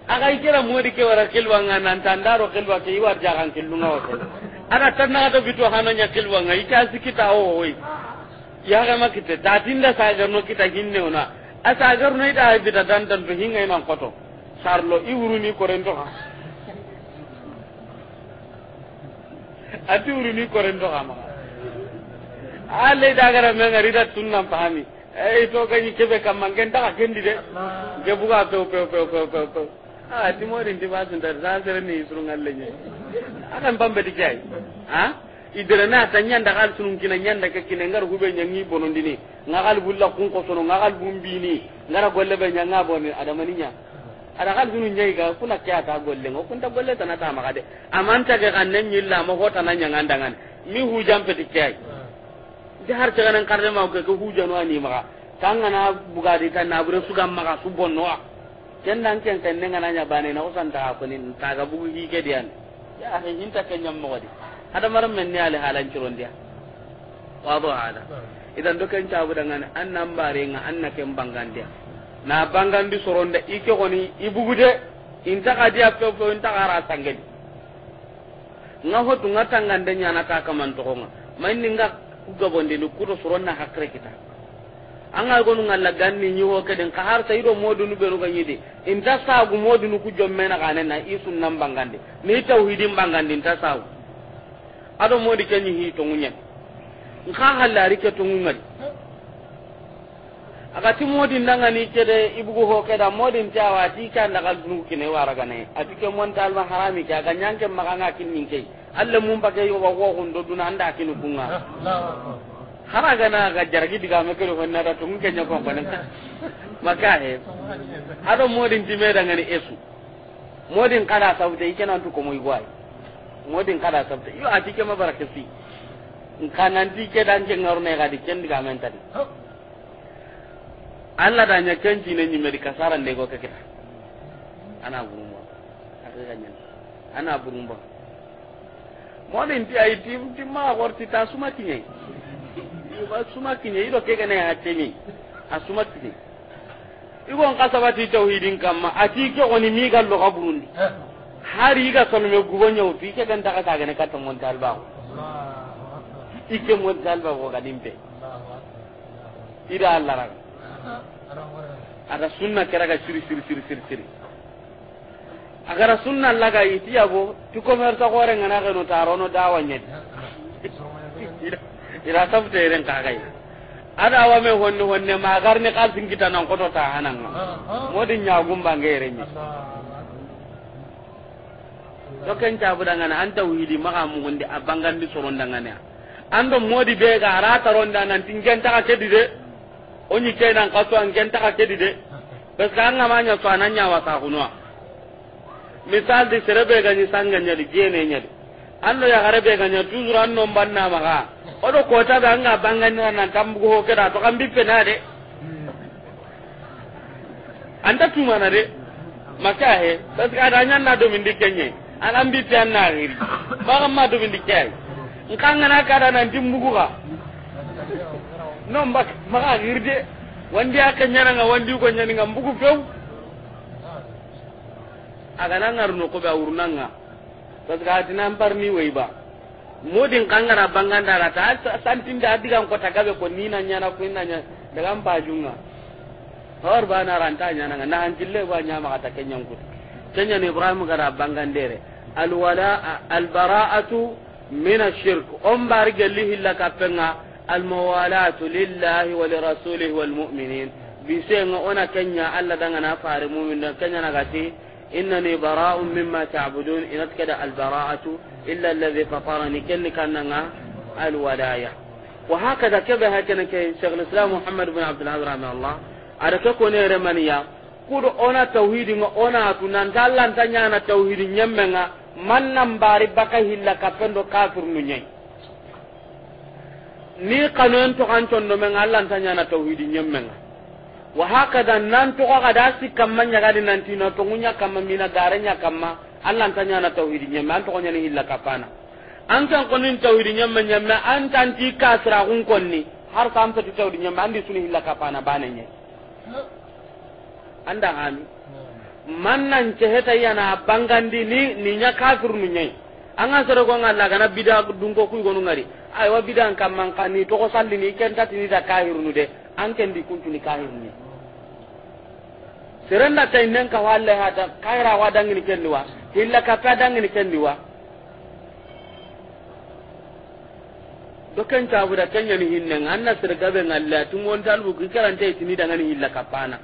aga ikira modi ke wara kelwa ngana tandaro kelwa ke iwar jagan kelunga oto aga tanna to bitu hananya kelwa ngai ta sikita o oi ya ga makite tatinda sagar no kita hinne ona asagar no ida bita dandan to hinga nan koto sarlo iwuru ni koren to ha ati wuru ni koren to ha maka alle dagara me ngari da tunna pahami e to ganyi kebe kam mangen daga kendi de ge buga pe pe pe pe pe a ti morin ti basun da zan sere ni surun alle ne akan bambe di kai ha idere na ta nyanda kal sunun kina nyanda ke kina ngar gube nyangi bonondi ni ngagal bulla kun ko sono ngagal bumbi ni ngara golle be nyanga boni adamani nya ada kal sunun nyai ga kuna kya ta golle ngo kun ta golle tanata magade amanta ge kan nan yilla mo hota nan nyanga ndangan mi hujam pe di kai jahar taganan karde ma ko ko hujanu ani maga tangana bugadi tan na bure su gamma ka subonno wa kendan ken tan ne ngana bane na usan ta ko ta ga bugu hi ke dian ya he hinta ken nyam mo ada hada maram men ne ale halan ciron dia wado hada idan do ken tabu dangan annan bare nga annake na bangandi soronda ike koni ibugude inta ka dia pe pe inta kara sangedi nga hotu nga nyana ta kaman to nga main ninga ku gabondini kuto soronna hakre kita anga gonu ngalla ganni nyi ho keden ka har tayi do modu nu beru ganyi de inta sagu modu nu ku jomme na kanen na isu nan bangande ni tauhidin bangande inta sagu ado modi kenyi hi to ngunya nka halari ke to aga ti modi ndanga ni kede go hoke da modi ntawa ti kan daga dunu kine waragane atike montal ma harami ka ganyanke maganga kinninke alle mun bage yo wago do duna anda kinu kunga hara gana ga jargi diga me ko honna da tungu kenya ko banan maka he ado modin time da ngani esu modin kada sabta yake nan to ko moy gwai modin kada sabta yo a tike fi si kanan dike dan je ngarne ga diken diga men tadi Allah da nya kenji ne ni medika saran de go kakita ana burumba ana burumba monin ti ay tim tim ma gorti ta suma kinye ba suma kinye ido ke gane ya temi a suma kinye igon kasabati tauhidin kamma ati ke oni mi ga loga burundi eh. hari ga sonu me gubo nyaw ti ke ganta ka ta gane ka tamon talba ko ike mon talba ko ga dimbe ida allah ara sunna kera ga siri siri siri siri. agara sunna laga itiya bo ti commerce ko re ngana taro no dawa nyen ira te ren ta gai ada wa me honno honne ma garne kal singita nan koto ta hanan ah, ah. nya gumba bangere ni to ken ta bu dangana an tawhidi ma ga mun di abangan di soron dangana ando modi be ga rata ronda nan tingen ta ke di de onyi ke nan ka to an gen ta di de bas (laughs) ga ngama nya to ananya wa ta kunwa misal di serebe ga ni sanga nyali gene nyali allo ya garebe ga nyali tuzur anno banna maga odo kota ga nga bangani na kambu ho keda to kambi pena de anta tumana de maka he tas ka danya na do min dikenye alam bi pe na ngiri maga ma do min dikai nkanga na kada na dimbugu ga no mbak maga ngirde wandi aka nyana nga wandi ko nyani nga mbugu few agana ngarno ko be awurnanga parce que atina parmi weiba modin kangara banganda ta santin da diga ko tagabe ko nina nyana ko nina nyana daga mpajunga hor na ranta nyana na hankille ba nyama kata kenyan kut kenyan ibrahim gara bangandere al bara'atu min ash-shirk um bar gelli hilla kapenga mawalatu lillahi wa rasulihi wal mu'minin bisenga ona kenya alla danga na fare mu'min kenya na gati إنني براء مما تعبدون إن أتكد البراءة إلا الذي فطرني كل كان الولاية وهكذا walaya wa كي شغل الإسلام محمد بن عبد العزيز رحمه الله على rahimahullah رمانيا ke أنا ne ما أنا ona أن nga أن تني أنا na tauhidi نمبر man إلا bari baka hilla kapendo nu ni kanon to kan tondo men Allah tanya na tauhidin nyemmenga wa da nan to ga da si kamma nya gadi nan tino to ngunya kamma mina garanya kamma Allah tanya na tauhid nya man to nya ni illa kapana an kan ko nin nya man nya ma an tan ti kasra hun konni har sam to tauhid nya man di suni illa kapana anda hami man nan ce heta yana bangandi ni ni nya kafir nu an ga soro ko ngalla kana bida dun ko ku gonu ngari ay wa bidan kam kan ni to ko salli ni ni da de an di kuntu ni serenda tay nen ka walle hata kaira wa dangini kenniwa illa ka ka dangini kenniwa do ken ta bura tanya ni hinne anna sirga be ngalla won dalbu kiran tay tini dangan illa ka pana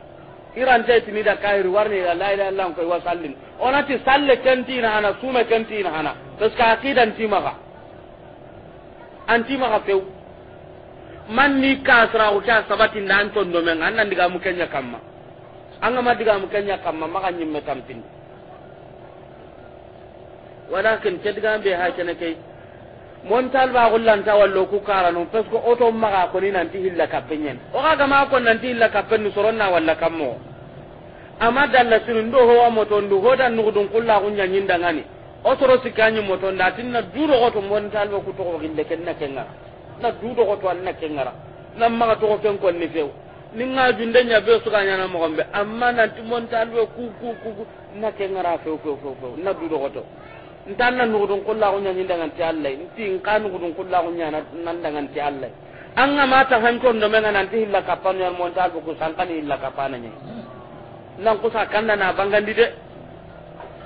tay tini da kairu warne la ilaha illallah ko sallin onati salle kenti na ana suma kenti na ana bas ka aqidan timaga antima ga pew man ni kasra ko ka sabatin ton do men annan diga mu kenya kamma an anga madiga mu kanya kamma maka nyimme tampin walakin kediga be ha kene kay mon tal ba gullan ta wallo ku karano parce que oto maka ko ni nanti hilla kapenyen o ga ma ko nanti hilla kapen ni soronna walla kammo amma dalla sinu do ho moto ndu ho dan nugudun kulla kunya nyinda ngani o toro sikanyi moto nda tinna duro goto mon tal ku to ko ginde kenna kenga na duro goto anna kenga na maga to ko ken ko ni few nin ga junde nya be su ganya na mo gombe amma na ti mon tan be ku ku ku na ke ngara fe fe fe fe na du do goto ntan nan nu dun kullu ko nya ni dangan ti allah nti ti kan nu dun kullu ko nya na nan dangan ti allah an ga mata han ko ndo men nan ti hilla kapan ya mon tan ku san kan hilla kapan nya nan ku sa kan na bangandi de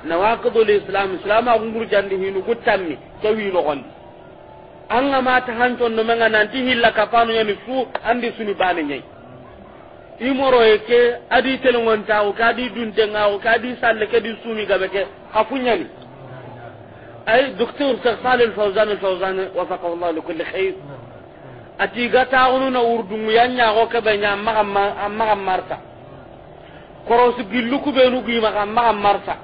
nawaqidul islam islam a ngur jandi hinu gutammi wi no gondi an nga mata hanton no menga nanti hilla kapanu yani su andi suni bani nyai imoroye ke adi telongontaxu ke kadi duntengaxu ke kadi salle kadi sumi gabe ke xa fuñani ay docteur cheikh sali lfausan lfausan wafakahu llah likulli xeyr atiga taxununa wurdunguya ñaxo keɓeña a maxan marta korosu gillu kuɓenu guimaxa maxan marta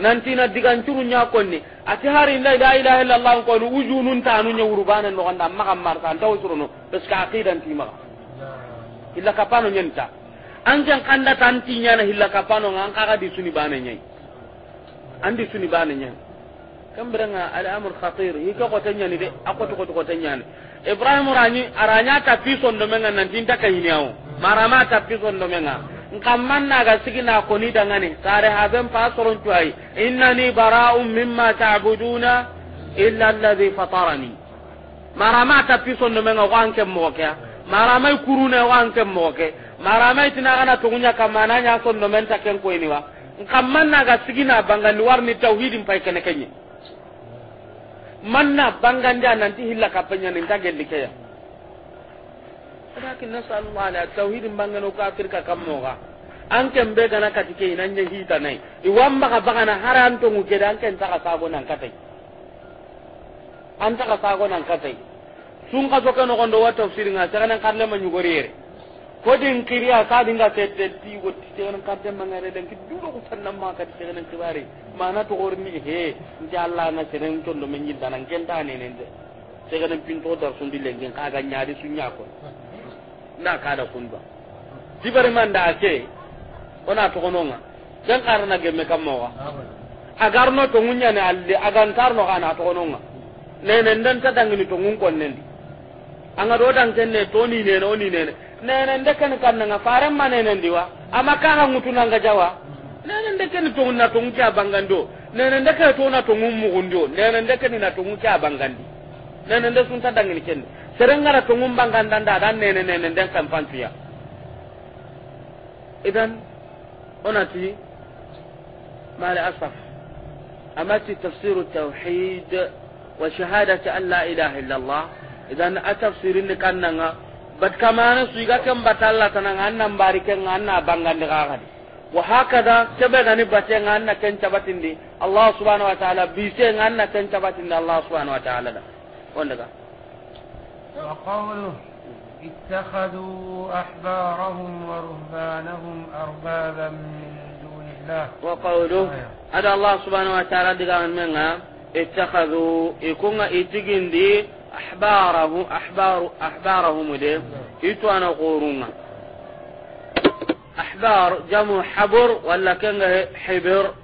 nantina digancuru ñakonni ati harinda la ilaha illa llah koni ujununtanu ñewuru bane noxonda maxan marta anta wasurono parce que aqidantimaxa illa kapano nyenta anjan kanda tanti nyana illa kapano ngan kaga di nyai andi suni nyai khatir hika ni de ako to ko ibrahim rani aranya ta pison do menga ka hiniao marama ta pison do menga nkamman ga sigina ko ni dangane sare haben pasoron tuai innani bara'un mimma ta'buduna illa alladhi fatarani marama ta pison do menga ko anke mo kya maramai kurune wan ken mo ke maramai tinagana tugunya kamana nya sondo men ta ken ko iniwa kamman na ga sigina bangan warni tauhidin pai kene kenye manna bangan da nan ti hilla kapanya nin ta gelli ke ya lakin nasallu ala tauhidin bangan ko afirka kammo ga an ken be gana katike nan nya hita nai i wamba ka bagana haran to mu ke ken ta ka sago nan katai an ta ka sago nan katai sun ka soke nogondo wa tafsir nga saganan karle ma nyugori yare ko din kiriya ka dinga tete ti go ti saganan karle ma ngare den ki duro ko tannan ma ka ti saganan kibari mana to ni he nti alla na senen tondo men yidda nan ta ne ne de pin to dar sun dilen gen ka ga nyaade sun nya ko na ka da kun ba dibare man da ake ona to nga dan karna kam mo wa no to munya ne alle agantarno kana to ne ne ndan ta dangini to ngun ndi anga do dan kenne to ni ne no ni ne ne ne de kan kan nga faram ma ne ne diwa ama ka ha mutu na ga jawa ne ne de kan to na to ngi abangando ne ne de kan to na to mu gundo ne ne de kan na to ngi abangandi ne ne de sun ta dangin ken serenga na to ngum banganda da dan ne ne ne de kan pantuya idan onati mala asaf amati tafsir tauhid wa shahadati an la ilaha allah idan a tafsirin ni kan nan bat na su ga kan batalla tanan annan bariken anna bangan da gadi wa hakada tabe gani bace na kan tabatin di allah subhanahu wa ta'ala bi se na kan tabatin di allah subhanahu wa ta'ala da on daga wa qawlu ittakhadu ahbarahum wa ruhbanahum arbabam wa qawlu ada allah subhanahu wa ta'ala diga men nga ittakhadu ikunga itigindi ahbarahu ahbaru ahbarahum de itu ana qurunga ahbar jamu habur wala kanga hibir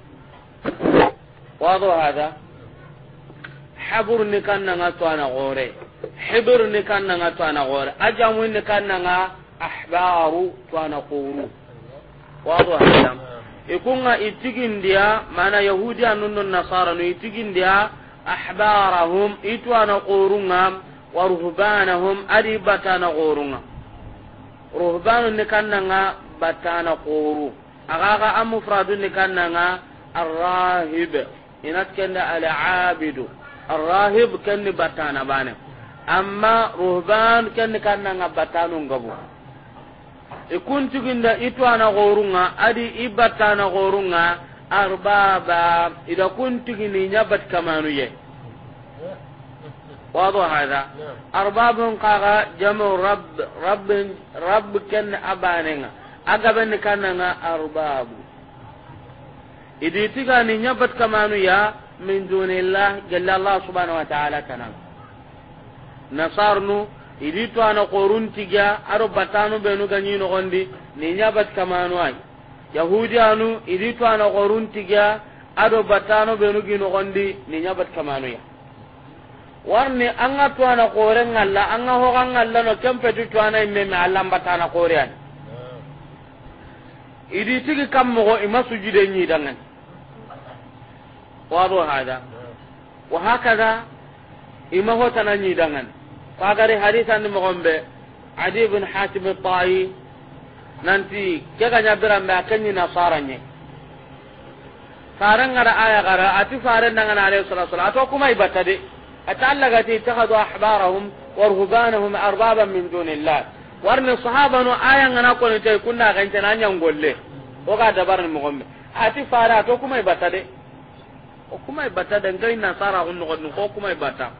wado hada habur ni kanna nga to ana gore hibir ni kanna nga to ana gore ikunga itigindia mana yahudi anunno nasara no itigindia ahbarahum itwana qorunga wa ruhbanahum adi batana qorunga ruhbanu ni kannanga batana qoru agaga amufradu ni kannanga arrahib inat kenda alabidu arrahib kenni batana bane amma ruhban kenni kannanga batanu itwana qorunga adi ibatana qorunga arbaba ida kuntigini ñabat kamanuye wado hada arbabun kaga jamu rabb rabb rabb ken abanenga agaben kananga arbabu idi tigani ñabat kamanu ya min dunillah galla allah subhanahu wa ta'ala kana nasarnu idi to ana qoruntiga aro batanu benu ganyi no gondi ni ñabat kamanu ay yahudi anu idi to ana gorun tiga ado batano benu gino gondi ni nyabat kamano ya warni anga to ana gore ngalla anga ho ngalla no kempe tu to ana imme me allah batana gore an idi tigi kam mo ima sujude nyi dangan wado hada wa hakaza ima ho tananyi dangan fagari hadithan mo gombe adi ibn hatim al-tayi nanti ke ganya biran ba kan ni nasara ne faran ngara aya gara ati faran dangan alayhi salatu wasallam ato kuma ibata de atallaga ti takhadu ahbarahum wa ruhbanahum arbaban min dunillah warni sahaba no aya ngana ko ne tay kunna kan tan anyan golle o ga dabar ni mogombe ati fara to kuma ibata de o kuma ibata de ngai nasara hunno ko kuma ibata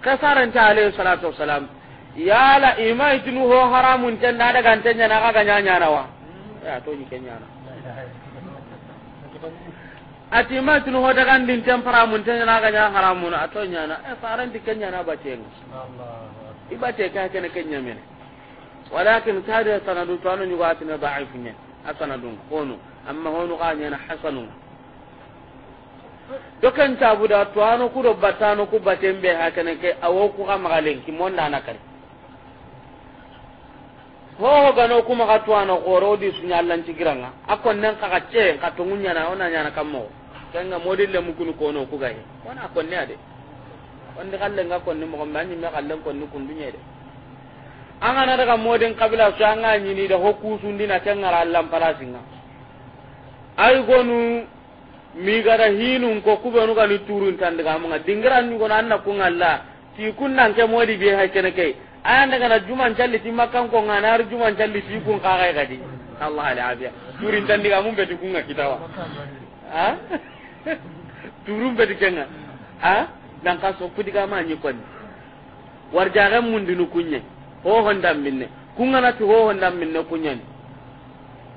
kasaran ta alayhi salatu wasallam yala ima itinu ho haramun ten da daga tanya na kaga nyanya na wa ya to ni kenya na ati ma itinu ho daga din ten haramun ten na kaga haramun a to nyana e eh, faran di kenya na bace Allah iba te ka ken kenya mene walakin tare sanadu tanu ni wati na da'if ne asanadun kono amma hono ka nyana hasanun dokan tabuda to anu ku do batano ku batembe hakane ke awoku ku ka magalen ki monda na kare ho gano kuma ka na koro di sunya allan cigiranga akon nan ka ce ka tungunya na ona nyana nga kanga modil le mukunu kono ku gaye ona kon ne ade on de kallen ga kon ni mo ngam me kallen kon ni kundunya de an kana daga moden kabila su anga nyini da hoku sundi na tengara allan parasinga ay gonu mi gara hinu ko kubenu ga ni turun tan daga mo dingiran ni gona na ku ngalla ti kunnan ke modi be ha kene kai ayan daga na juman jalli ti makkan ko ngana ar juman jalli ti kun ka kai gadi Allah ala abiya turin tan diga mun beti kun kita wa ha (laughs) turun beti kenga ha dan ka so ku diga ma ni kon warjaga mun dinu kunye ho honda minne kun ngana ti ho honda minne kunye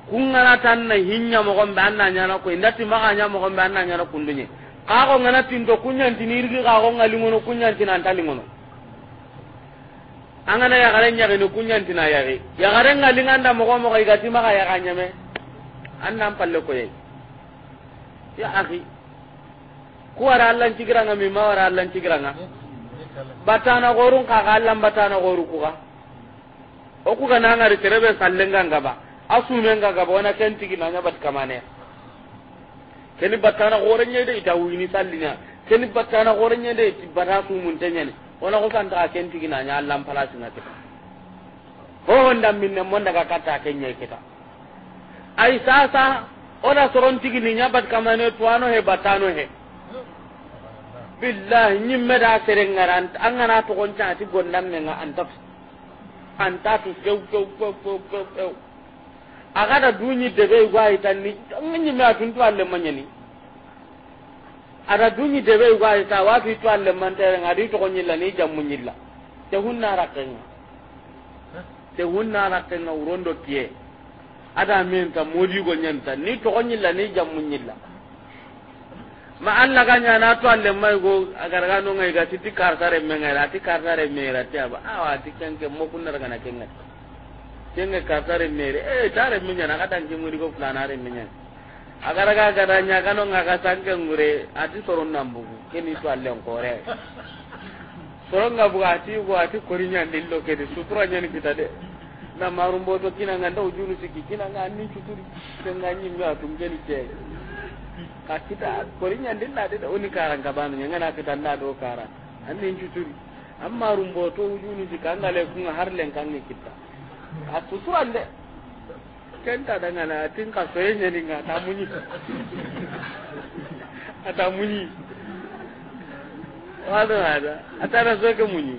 kun ngana tan na hinnya mo gombe anna nyana ko indati maka nya mo gombe na nyana kundunye ka ko ngana tin to kunyan tinirgi ka ko ngalingono kunyan tin antalingono angana yagare ñagini kuñantina yagi yagare ngalinganda mogo mogo igati maga yaga ñame annan palle koyey ya axi ku wara allancigiranga mima wara allancigiranga batana gorun kaga allan batana goru kuga o kuga nangari terebe sallengangaba a sumengangaba wona ken tiginaña bat kamaneya keni batana de ita wini sallina keni batana goreñede ti bata sumunteñani ona ko kan ta ken tigina nya Allah palasi na kita ho honda minne mon daga kata ken nya kita ai sasa ona soron tigini nya bat kamane tuano he batano he billahi nyimme da sereng ngaran an ngana to gon ta ti gondam me nga antap anta tu kew kew kew kew kew aga da dunyi de be gwa itani nyimme atun to alle manyani ada dunyi debe ko ay ta wa fi to alle man tere ngadi to nyilla ni jammu nyilla te hunna rakenga te hunna rakenga urondo kiye ada men ta modi go nyanta ni to nyilla ni jammu nyilla ma alla ga nyana to alle mai go agar ga no ngai ga titi kar sare mengera ti kar sare mengera ti aba awa ti kenke mo kunna raga na kenga kenga kar sare mere e eh, tare menya na kata ngimuri go fulana re menya agara ga gara nya kanu ngaka sangke ngure ati soron nambugu kini to alle ngore soron ngabu ati go ati korinya ndillo ke de sutura nya ni kita de na marumbo to kina nganda ujuru siki kina ngani chuturi tenganyi mwa tungeni ke ka kita korinya ndilla de oni karan kabanu nya ngana kita nda do kara anni chuturi amma rumbo to ujuru siki angale kunga harlen kangi kita asusuran de kenta daga na tin ka soye ni nga ta muni ata muni wado hada ata na so ke muni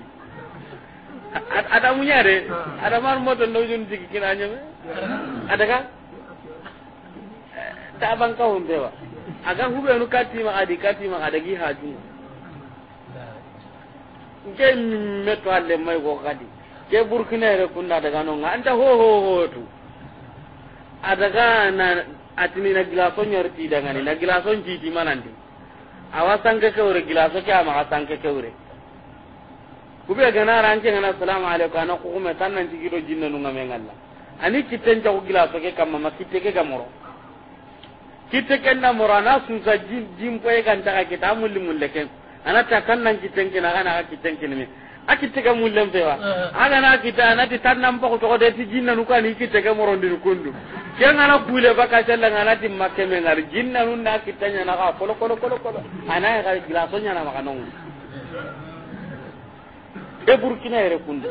ata munya re ada mar moto no jun digi kina me ada ka ta ban ka hunde wa aga hube nu ma adi kati ma adagi haju nke meto alle mai go kadi ke burkina re kunna daga no anta ho ho ho tu adaga na atini na gilaso nyorti dangani na gilaso jiji manandi awa sanke kewre gilaso ke ama sanke kewre kube gana ranke ngana salamu alaikum ana ko kuma tan nan tigido jinna nunga mengalla ani kitten jago gilaso ke kamma ma kitte ke gamoro kitte ke na morana susa jim jim ko e kan ta ka kitamu limun leken ana ta kan nan kitten kina kana ka kitten kina akitte ga mullen pewa eh, eh, eh. aga na kita na ti tan nan bako to de ti jinna nu kan ikitte ga morondi nu kundu ken ana kule baka sella ngana ti makke me ngar jinna nu na kitanya na ka kolo kolo kolo kolo ana ga glaso nya na maka non e burkina ere kundu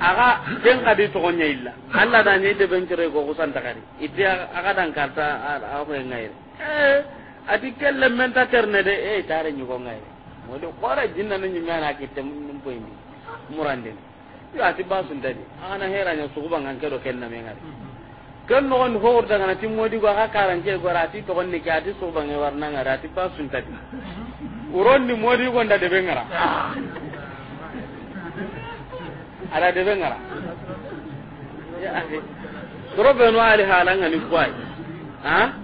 aga ken kadi to gonya illa alla da nyi de ben kere go kusan takari itia aga dan karta a ko ngaire ati kelle men ta terne de e tare nyugo ngai mo do qora jinna no mana na tem num boy ni murande yo ati basun tadi ana hera nya sugu bangan ke do kenna men ngai kan no on ho daga na modi go ha karan ke go rati to onni ke ati sugu bangi warna ngara ati basun tadi ni modi go nda de bengara ala de bengara ya ahi eh. toro beno ali halanga ni kwai ha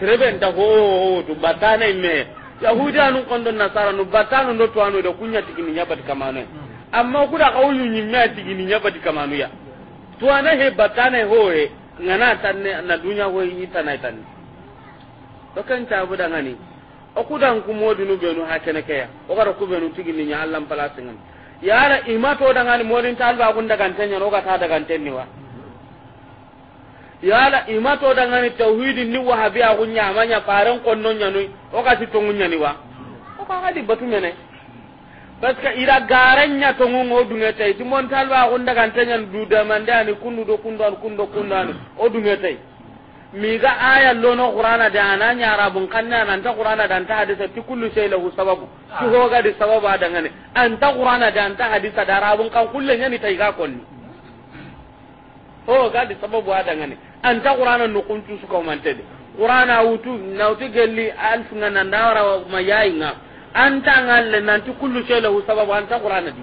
sereben ta ho du batane me yahudi anu kondo nasara nu batanu do to anu da kunya tigini nyabati kamane amma kuda ka uyu nyimme tigini nyabati kamanu ya to ana he batane ho he ngana tanne na dunya ho yi tanai tanne to kan ta da ngani o dan ku be nu hakene ke o gara ku nu tigini nya Allah palasingan yara imato dangani modin talba gunda gantenya no ga ta daga tanne wa yala imato dangani tauhidi ni wahabi a gunya amanya faran konnon nyanu o ka ti tongu nyani wa o ka ga di batu mene parce que ira garanya tongun ngo dunga tai ti mon talwa gunda daga tanyan du da kunu do kun do kun do kun do an o dunga tai mi ga aya lono qur'ana da ananya rabun kanna nan ta qur'ana dan ta hadisa ti kullu shay lahu sababu ti ho ga di sababu adangane an ta qur'ana dan ta hadisa da rabun kan kullu ni tai ga konni ho gadi sababu adangani anta qur'ana nukuncu suka mantede qur'ana wutu nauti gelli alf ngana ndawara ma yayinga anta ngalle nanti kullu shaylahu sababu anta qur'ana di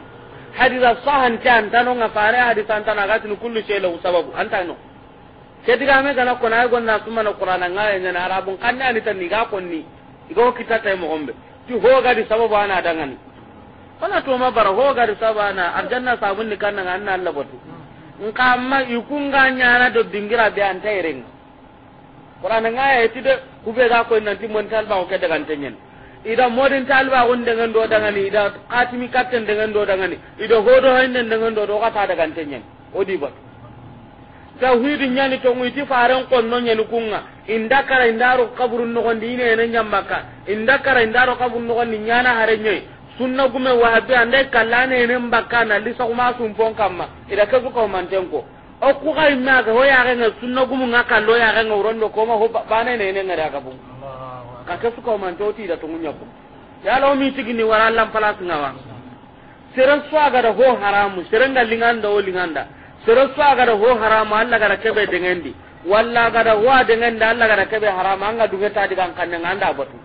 hadisa sahan ta anta no nga fare hadisa anta na gatin kullu shaylahu sababu anta no ketiga me gana kona ay gonna summa na qur'ana ngaya na arabun kanna ni tan ni ga konni igo tay mo gombe ti ho gadi sababu ana dangani kana to ma bara ho gadi sababu ana arjanna sabun ni kanna anna Allah batu nka nkamma ikunga nyana do dingira be anta irenga nga ngaya de kube ga ko nanti mon talba ko daga tanyen ida modin talba on dengan do daga ni ida atimi katten dengan do daga ni ida hodo hannen dengan do do ta daga tanyen odi ba tauhidi nyani to ngiti faran no nyani kunga kara indaro kaburun no gondi ine nyamaka inda kara indaro kaburun no gondi nyana hare nyoy sunna gume wahabi ande kallane ne mbakka na lisa kuma sun fon kamma ida ka suka manten ko o ku ga imma ga hoya ga na sunna gumu nga kallo ya ga uron do koma ho ba ne ne ne ngara ka bu ka ka suka manto ti da tungunya ko ya law mi tigini wara lam palas ngawa sere ga da ho haramu sere da o linganda sere ga da ho haramu Allah ga da kebe dengendi walla ga da wa dengendi Allah ga da kebe haramu anga dungeta ta kan kanne anda batu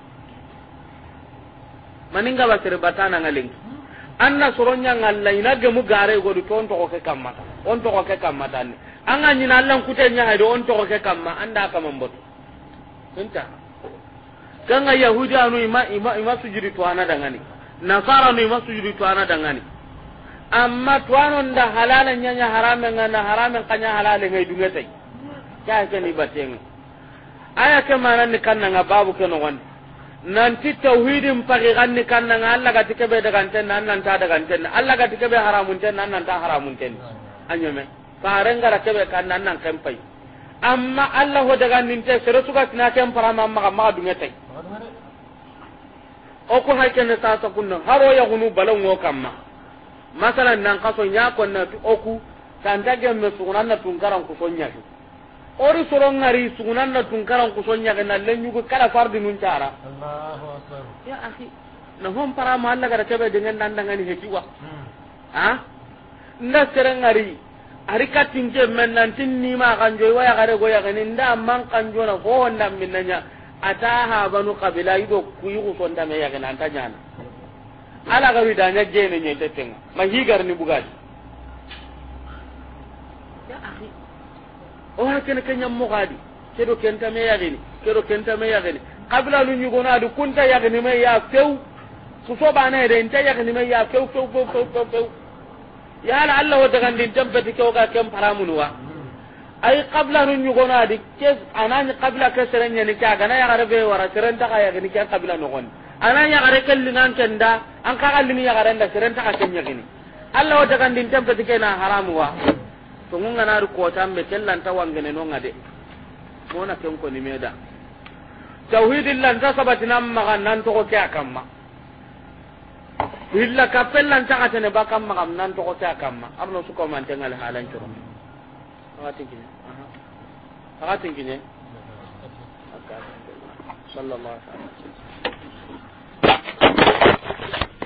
maninga bakere batana ngalengi anna soronya ngalla ina gemu gare godu tonto to ke kamma on to ke kamma tan anga nyina allan kutenya hado on to ke kamma anda kama mbot kunta kanga yahudi anu ima ima ima sujudi to ana dangani nasara nu ima sujudi to ana dangani amma tuwano nda halala nya harame nga na harame kanya halale ngai dungetai kya ke ni bateng aya ke manan ni kanna nga babu ke no wani. nanti tauhidin pagi ganni kannanga Allah ga tikebe daga nan nan ta daga antenna Allah ga tikebe haramun nan nan ta haramun tenna anyome faran gara kebe kanna annan kampai amma Allah ho daga te sero suka tina kan parama amma ma dunya tai o ko ken ta ta kunno haro ya hunu balon wo kamma masalan nan kaso nya konna tu oku tanta me sunan na tungaran ku sonya ori sorongari sugunanna tunkaran lenyu lenñugu kala fardi nun cara ya ahi para parama allah gara keɓe dengen dandangani hekiwa hmm. Ha. nda ngari ari kattinke men ma kan joi wa yagare go yagani nda na kanjona ho ndam nanya ata banu kabila ido kuyi ya yagani anta ñana ala je ne jene ñoytettenga ma ni bugadi ya akhi o ha ken ken nyam mogadi kedo kenta me yagini kedo kenta me yagini qabla lu nyugona du kunta yagini me ya few su so bana ede inta yagini me ya few few few few few ya la allah wata gandi din tabbati ko ga kan faramunuwa ay qabla lu nyugona di kes anani qabla ka serenya ni ka gana ya garbe wara ta ka yagini ka qabla no gon anani ya gare kallingan kenda an ka kallini ya garenda ta ka nyagini allah wata kan din tabbati haramu wa. to ngunga na ru kotan be kellan ta wangene no ngade mona ken ko ni meda tauhidin lan ta sabati nan magan nan to ko kya kamma illa kapel lan ta katene ba kam magam nan to ko kya kamma arno su ko man tengal halan curo akatin kinye akatin kinye sallallahu alaihi wasallam